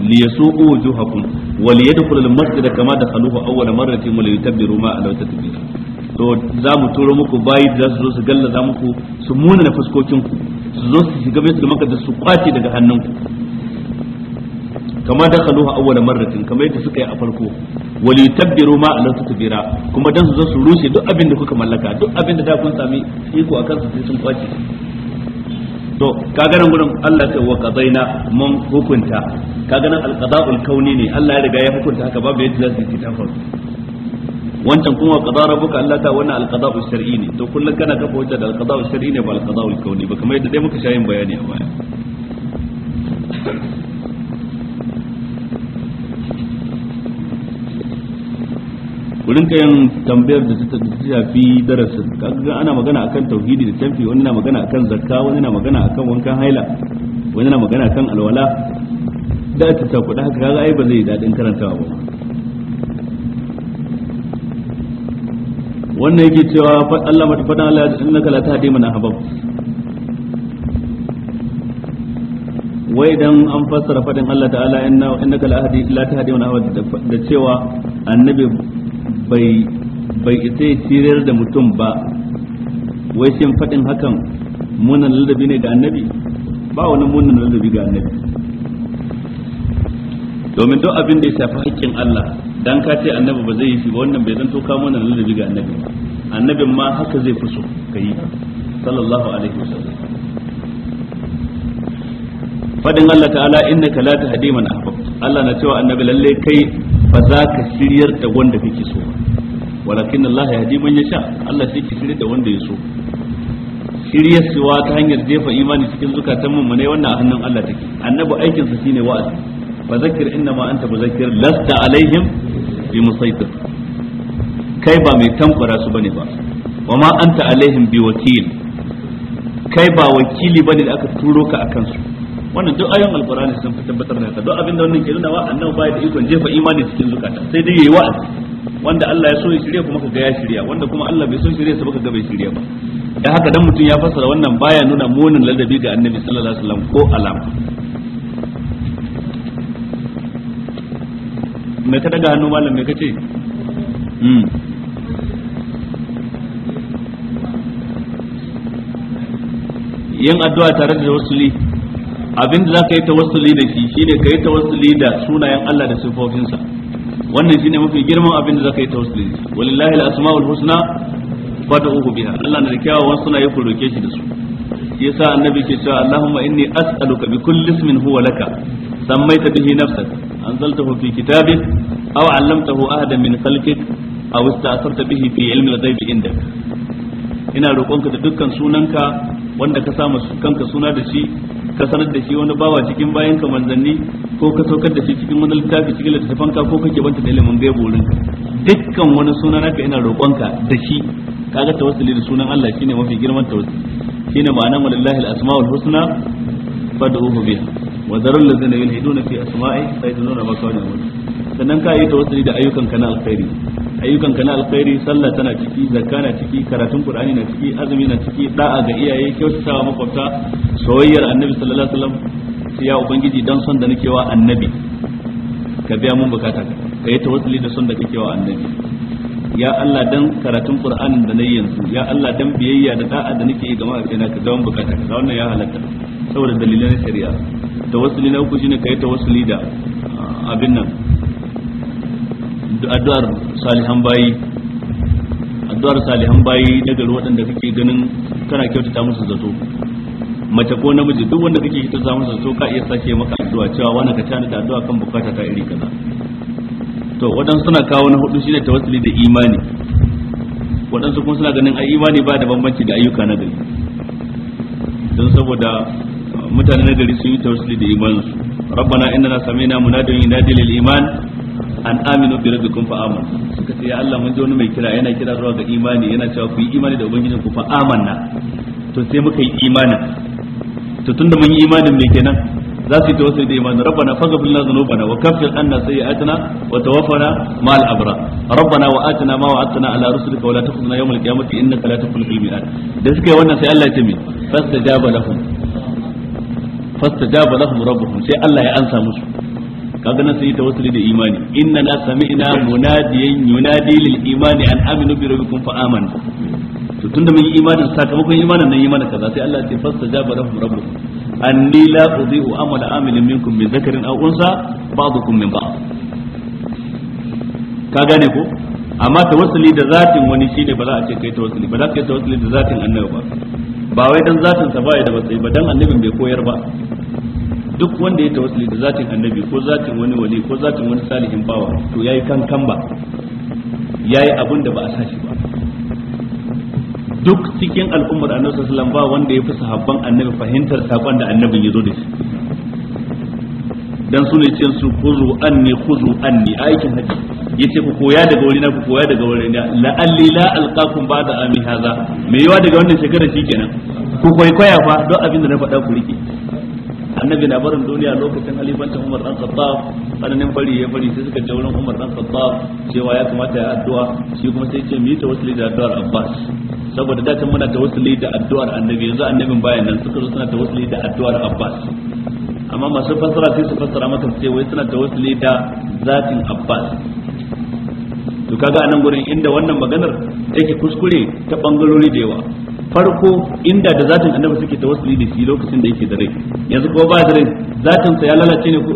li yasu'u wujuhakum wa li yadkhulul masjida kama dakhaluhu awwal marratin wa li yutabbiru ma alaw tatbira to za mu turo muku bayi da su zo su galla gallaza muku su muna na fuskokin ku su zo su shiga bai su maka da su kwace daga hannunku kama da khaluha awwala marratin kamar yadda suka yi a farko wali tabbiru ma ala tutbira kuma dan su rushe duk abin da kuka mallaka duk abin da da kun sami iko akan su sai sun kwace to kaga nan gurin Allah ta wa qadaina mun hukunta kaga nan kauni ya riga ya hukunta haka babu yadda za su yi tafar wancan kuma qada rabbuka Allah ta wannan alqada'u shar'i ne to kullun kana kafa wata da alqada'u shar'i ne ba alqada'ul kauni ba kamar yadda dai muka shayin bayani a baya mu rinka yin tambayar da ta shafi darasin kaga ana magana akan tauhidi da tafi wani na magana akan zakka wani na magana akan wankan haila wani na magana akan alwala da ta ta kuɗa haka kaga ai ba zai daɗin karantawa ba wannan yake cewa Allah mata fadan Allah ya naka la tahdi man habab wai dan an fassara fadin Allah ta'ala innaka la hadi la ta hadi wa da cewa annabi bai bai isa ya da mutum ba wai shin faɗin hakan munan ladabi ne ga annabi ba wani munan ladabi ga annabi domin duk abin da ya shafi haƙƙin Allah dan ka ce annabi ba zai yi shi ba wannan bai zanto ka munan ladabi ga annabi annabin ma haka zai fi so ka yi sallallahu alaihi wasallam fadin Allah ta'ala innaka la tahdi man ahbab Allah na cewa annabi lalle kai ba za ka shiryar da wanda kake so walakin Allah ya ji man yasha Allah sai ki shiryar da wanda ya so shiryarsuwa ta hanyar jefa imani cikin zukatan mu ne wannan a hannun Allah take annabi aikin sa shine wa'azi fa zakkir inna ma anta muzakkir lasta alaihim bi musaitir kai ba mai tankwara su bane ba wa ma anta alaihim bi wakil kai ba wakili bane da aka turo ka akan su wannan duk ayoyin alkurani sun fi tabbatar da ta duk abin da wannan ke nuna wa annabi bai da ikon jefa imani cikin zukata sai dai yayi wa'azi wanda Allah ya so ya shirya kuma kaga ya shirya wanda kuma Allah bai so shirya sa baka ga bai shirya ba dan haka dan mutum ya fassara wannan baya nuna munin ladabi ga annabi sallallahu alaihi wasallam ko alama me ka daga hannu malam me kace mm yin addu'a tare da wasuli abin da zaka yi tawassuli da shi shine kai tawassuli da sunayen Allah da sifofinsa wannan shine mafi girman abin da ka yi tawassuli da shi walillahi al-asmaul husna fad'uhu biha Allah na da kyawawan sunaye ku roke shi da su shi yasa annabi ke cewa Allahumma inni as'aluka bi kulli ismin huwa laka sammaita bihi nafsak anzaltahu fi kitabik aw 'allamtahu ahadan min khalqik aw ista'sarta bihi fi ilmi al-ghaib indak ina roƙonka da dukkan sunanka wanda ka samu kanka suna da shi ka sanar da shi wani bawa cikin bayan ka manzanni ko ka saukar da shi cikin wani littafi cikin littafin ka ko kake banta da ilimin bai burin dukkan wani suna naka ina roƙonka da shi kaga tawassuli da sunan Allah shine mafi girman tawassuli shine ma'ana walillahi al-asmaul husna fad'uhu biha wa dharul ladzina yulhiduna fi asma'i sayyiduna ma kawai sannan ka yi tawassuli da ayyukan ka na alkhairi ayyukan ka na alkhairi sallah tana ciki zakka na ciki karatun qur'ani na ciki azumi na ciki da'a ga iyaye kyautatawa makwabta soyayyar annabi sallallahu alaihi wasallam ya ubangiji dan son da nake wa annabi ka biya mun bukata ka yi tawassuli da son da kake wa annabi ya Allah dan karatun qur'ani da nayi yanzu ya Allah dan biyayya da da'a da nake gama a kaina ka ga mun bukata ka wannan ya halatta saboda dalilan shari'a tawassuli na uku shine kai tawassuli da ah, abin nan addu'ar salihan bayi addu'ar salihan bayi daga waɗanda kake ganin kana kyautata musu zato mace ko namiji duk wanda kake kyautata musu zato ka iya sake maka addu'a cewa wani ka tana da addu'a kan bukata ta iri kaza to waɗansu suna kawo na hudu shine tawassuli da imani waɗansu kuma suna ganin ai imani ba da bambanci da ayyuka na gari don saboda mutane na gari sun yi tawassuli da imaninsu rabbana innana sami'na munadiyan yunadi lil iman an aminu bi rabbikum fa amanna suka ce ya Allah mun ji wani mai kira yana kira zuwa ga imani yana cewa ku yi imani da ubangijin ku fa amanna to sai muka yi imanin to tunda mun yi imanin me kenan za su yi da rabbana faghfir lana dhunubana wa kaffir anna wa tawaffana ma'al abra rabbana wa atina ma wa'adtana ala rusulika wa la tukhzina yawmal qiyamati innaka la miad da suka yi wannan sai Allah ya ce me fastajaba lahum fastajaba lahum rabbuhum sai Allah ya ansa musu kaga nan sai tawassuli da imani inna na sami'na munadiyan yunadi lil imani an aminu bi rabbikum fa amanu to tunda mun yi imanin sakamakon imanin nan yi mana kaza sai Allah ya fastajaba lahum rabbukum anni la udhi'u amala amilin minkum min zakarin aw unsa ba'dukum min ba'd ka gane ko amma tawassuli da zatin wani shine ba za a ce kai tawassuli ba za ka yi tawassuli da zatin annabi ba ba wai dan zatin sa ba ya da matsayi ba dan annabin bai koyar ba duk wanda ya tawassuli da zatin annabi ko zatin wani wali ko zatin wani salihin bawa to yayi kankan ba yayi abin da ba a sashi ba duk cikin al'ummar annabi sallallahu alaihi ba wanda ya fi sahabban annabi fahimtar sakon da annabin ya zo da shi dan su ne ce su kuzu anni kuzu anni aikin haji yace ku koya daga wurina ku koya daga wurina la'alli la alqakum ba'da ami haza me yawa daga wannan shekara shikenan ku koyi koya fa don abin da na faɗa ku rike annabi na barin duniya lokacin halifantan Umar dan Khattab tsananin fari ya fari sai suka je wurin Umar dan Khattab cewa ya kamata ya addu'a shi kuma sai ce mi ta tawassuli da addu'ar Abbas saboda da muna ta tawassuli da addu'ar annabi yanzu annabin bayan nan suka zo suna tawassuli da addu'ar Abbas amma masu fassara sai su fassara mata su ce wai suna tawassuli da zatin Abbas to kaga anan gurin inda wannan maganar take kuskure ta bangarori da yawa farko inda da zatin annabi suke tawassuli da shi lokacin da yake da rai yanzu ko ba da rai zatin sa ya lalace ne ko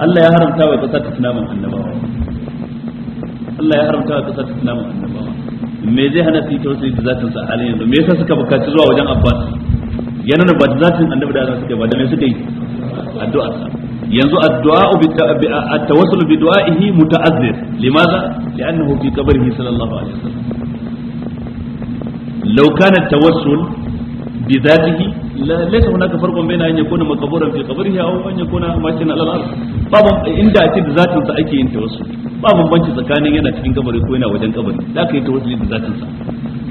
Allah ya haramta wa kasa ta tunaman annabawa Allah ya haramta wa kasa ta tunaman annabawa me zai hana su tawassuli da zatin sa halin yanzu me yasa suka bukaci zuwa wajen Abbas yana da ba zatin annabi da suke ba da me suke yi addu'a yanzu addu'a at-tawassul bi du'a'ihi muta'azzir limaza li'annahu fi qabrihi sallallahu alaihi wasallam لو كان التوسل بذاته لا ليس هناك فرق بين ان يكون مقبورا في قبره او ان يكون yakuna على الارض باب ard babu inda تاكي da zatin باب بنت yin tawassul ba bambanci tsakanin yana cikin kabari ko yana wajen kabari da ka yi tawassuli da zatin sa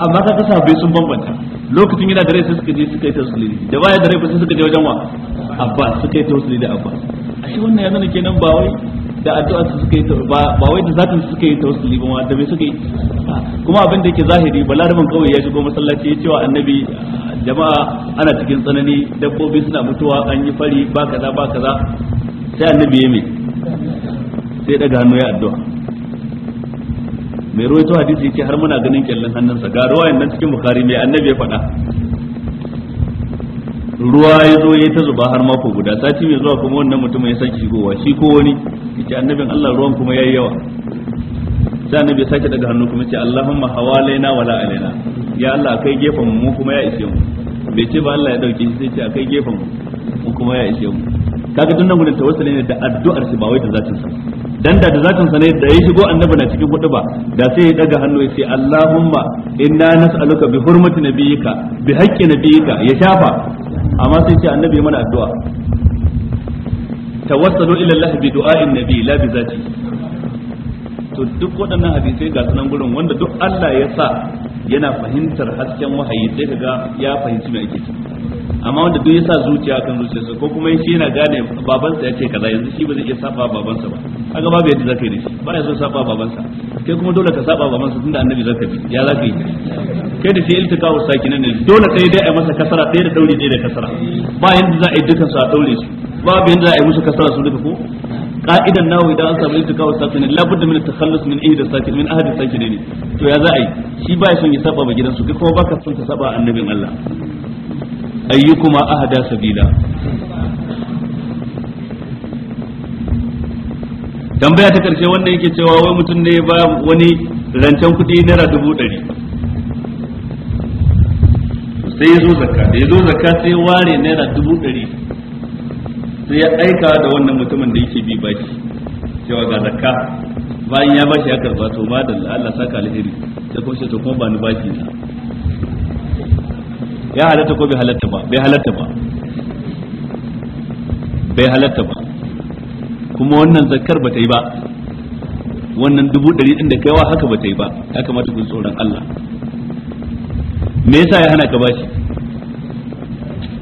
amma ka kasa bai sun bambanta lokacin yana da rai suka je suka yi tawassuli da baya da rai suka je wa abba suka abba ya nuna kenan ba wai da addu'a su suka yi ba ba wai da zatin su suka yi tawassuli ba da me suke kuma abin da yake zahiri balaraban kawai ya shigo masallaci ya ce wa annabi jama'a ana cikin tsanani dabbobi suna mutuwa an yi fari ba kaza ba kaza sai annabi ya me sai daga hannu ya addu'a mai ruwaito hadisi yake har muna ganin kyallin hannunsa ga ruwayan nan cikin bukhari mai annabi ya faɗa ruwa ya zo ya ta zuba har mako guda sati mai zuwa kuma wannan mutum ya sake shigowa shi ko wani yace annabin Allah ruwan kuma yayi yawa sai annabi ya sake daga hannu kuma yace Allahumma hawalaina wala alaina ya Allah kai gefen mu kuma ya ishe mu bai ce ba Allah ya dauke shi sai ce kai gefen mu kuma ya ishe mu kaga tun nan gudun tawassuli ne da addu'ar shi ba wai da zatin sa dan da da zatin sa ne da ya shigo annabi na cikin hudu ba da sai ya daga hannu ya ce Allahumma inna nas'aluka bi hurmati nabiyyika bi haqqi nabiyyika ya shafa amma sai ce annabi mana addu'a tawassalu ila Allah bi du'a'in nabi la bi zati to duk waɗannan hadisai ga sunan gurin wanda duk Allah ya sa yana fahimtar hasken wahayi sai kaga ya fahimci mai ake ciki amma wanda duk yasa zuciya kan zuciyarsa ko kuma shi yana gane babansa ya ce kaza yanzu shi ba zai iya saba babansa ba kaga babu yadda zaka yi da shi ba ya so saba babansa kai kuma dole ka saba babansa tunda annabi zaka bi ya zaka yi kai da shi iltika wa sakinan ne dole kai dai a masa kasara dai da daure dai da kasara ba yanda za a yi dukan su a daure su babu yanda za a yi musu kasara su duka ko ka'idan ناوي idan an samu ittika wa sakin la budda min takhallus min ahad sakin min ahad sakin ne to ya za shi ba son ya saba ba gidansu kai kuma baka son Allah ahada sabila tambaya ta karshe wannan yake cewa wai mutum ne ba wani rancen kuɗi naira dubu ɗari sai ya zo zakka da ya zo zakka sai ware naira dubu ɗari sai ya aika da wannan mutumin da yake bi bashi cewa ga zakka bayan ya bashi ya karba to ma da Allah saka alheri sai kuma to kuma ba ni bashi na ya halatta ko bai halatta ba bai halatta ba bai halatta ba kuma wannan zakkar ba ta yi ba wannan dubu ɗari ɗin da kaiwa haka ba ta yi ba ya kamata ku tsoron Allah me yasa ya hana ka bashi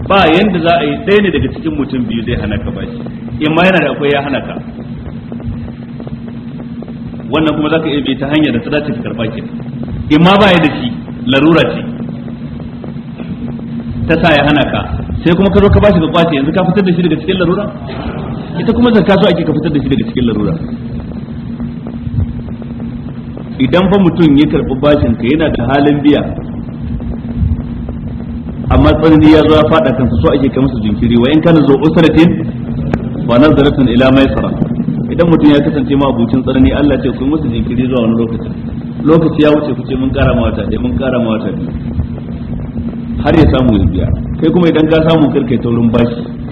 ba yanda za a yi ɗaya ne daga cikin mutum biyu zai hana ka bashi in ma yana da akwai ya hana ka wannan kuma za ka iya bi ta hanyar da ta dace ka karɓa ke in ma ba da shi larura ce ta sa ya hana ka sai kuma ka zo ka bashi ka kwace yanzu ka fitar da shi daga cikin larura ita kuma zakka so ake ka fitar da shi daga cikin larura idan fa mutum ya karɓi bashin ka yana da halin biya amma tsanani ya zo ya fada kansa so ake kai masa jinkiri wa in kana zo usratin wa nazaratun ila maisara idan mutum ya kasance ma abucin tsanani Allah ce ku yi masa jinkiri zuwa wani lokaci lokaci ya wuce kuce mun kara mawata dai mun kara mawata biyu har ya samu ya biya kai kuma idan ka samu karkai taurin bashi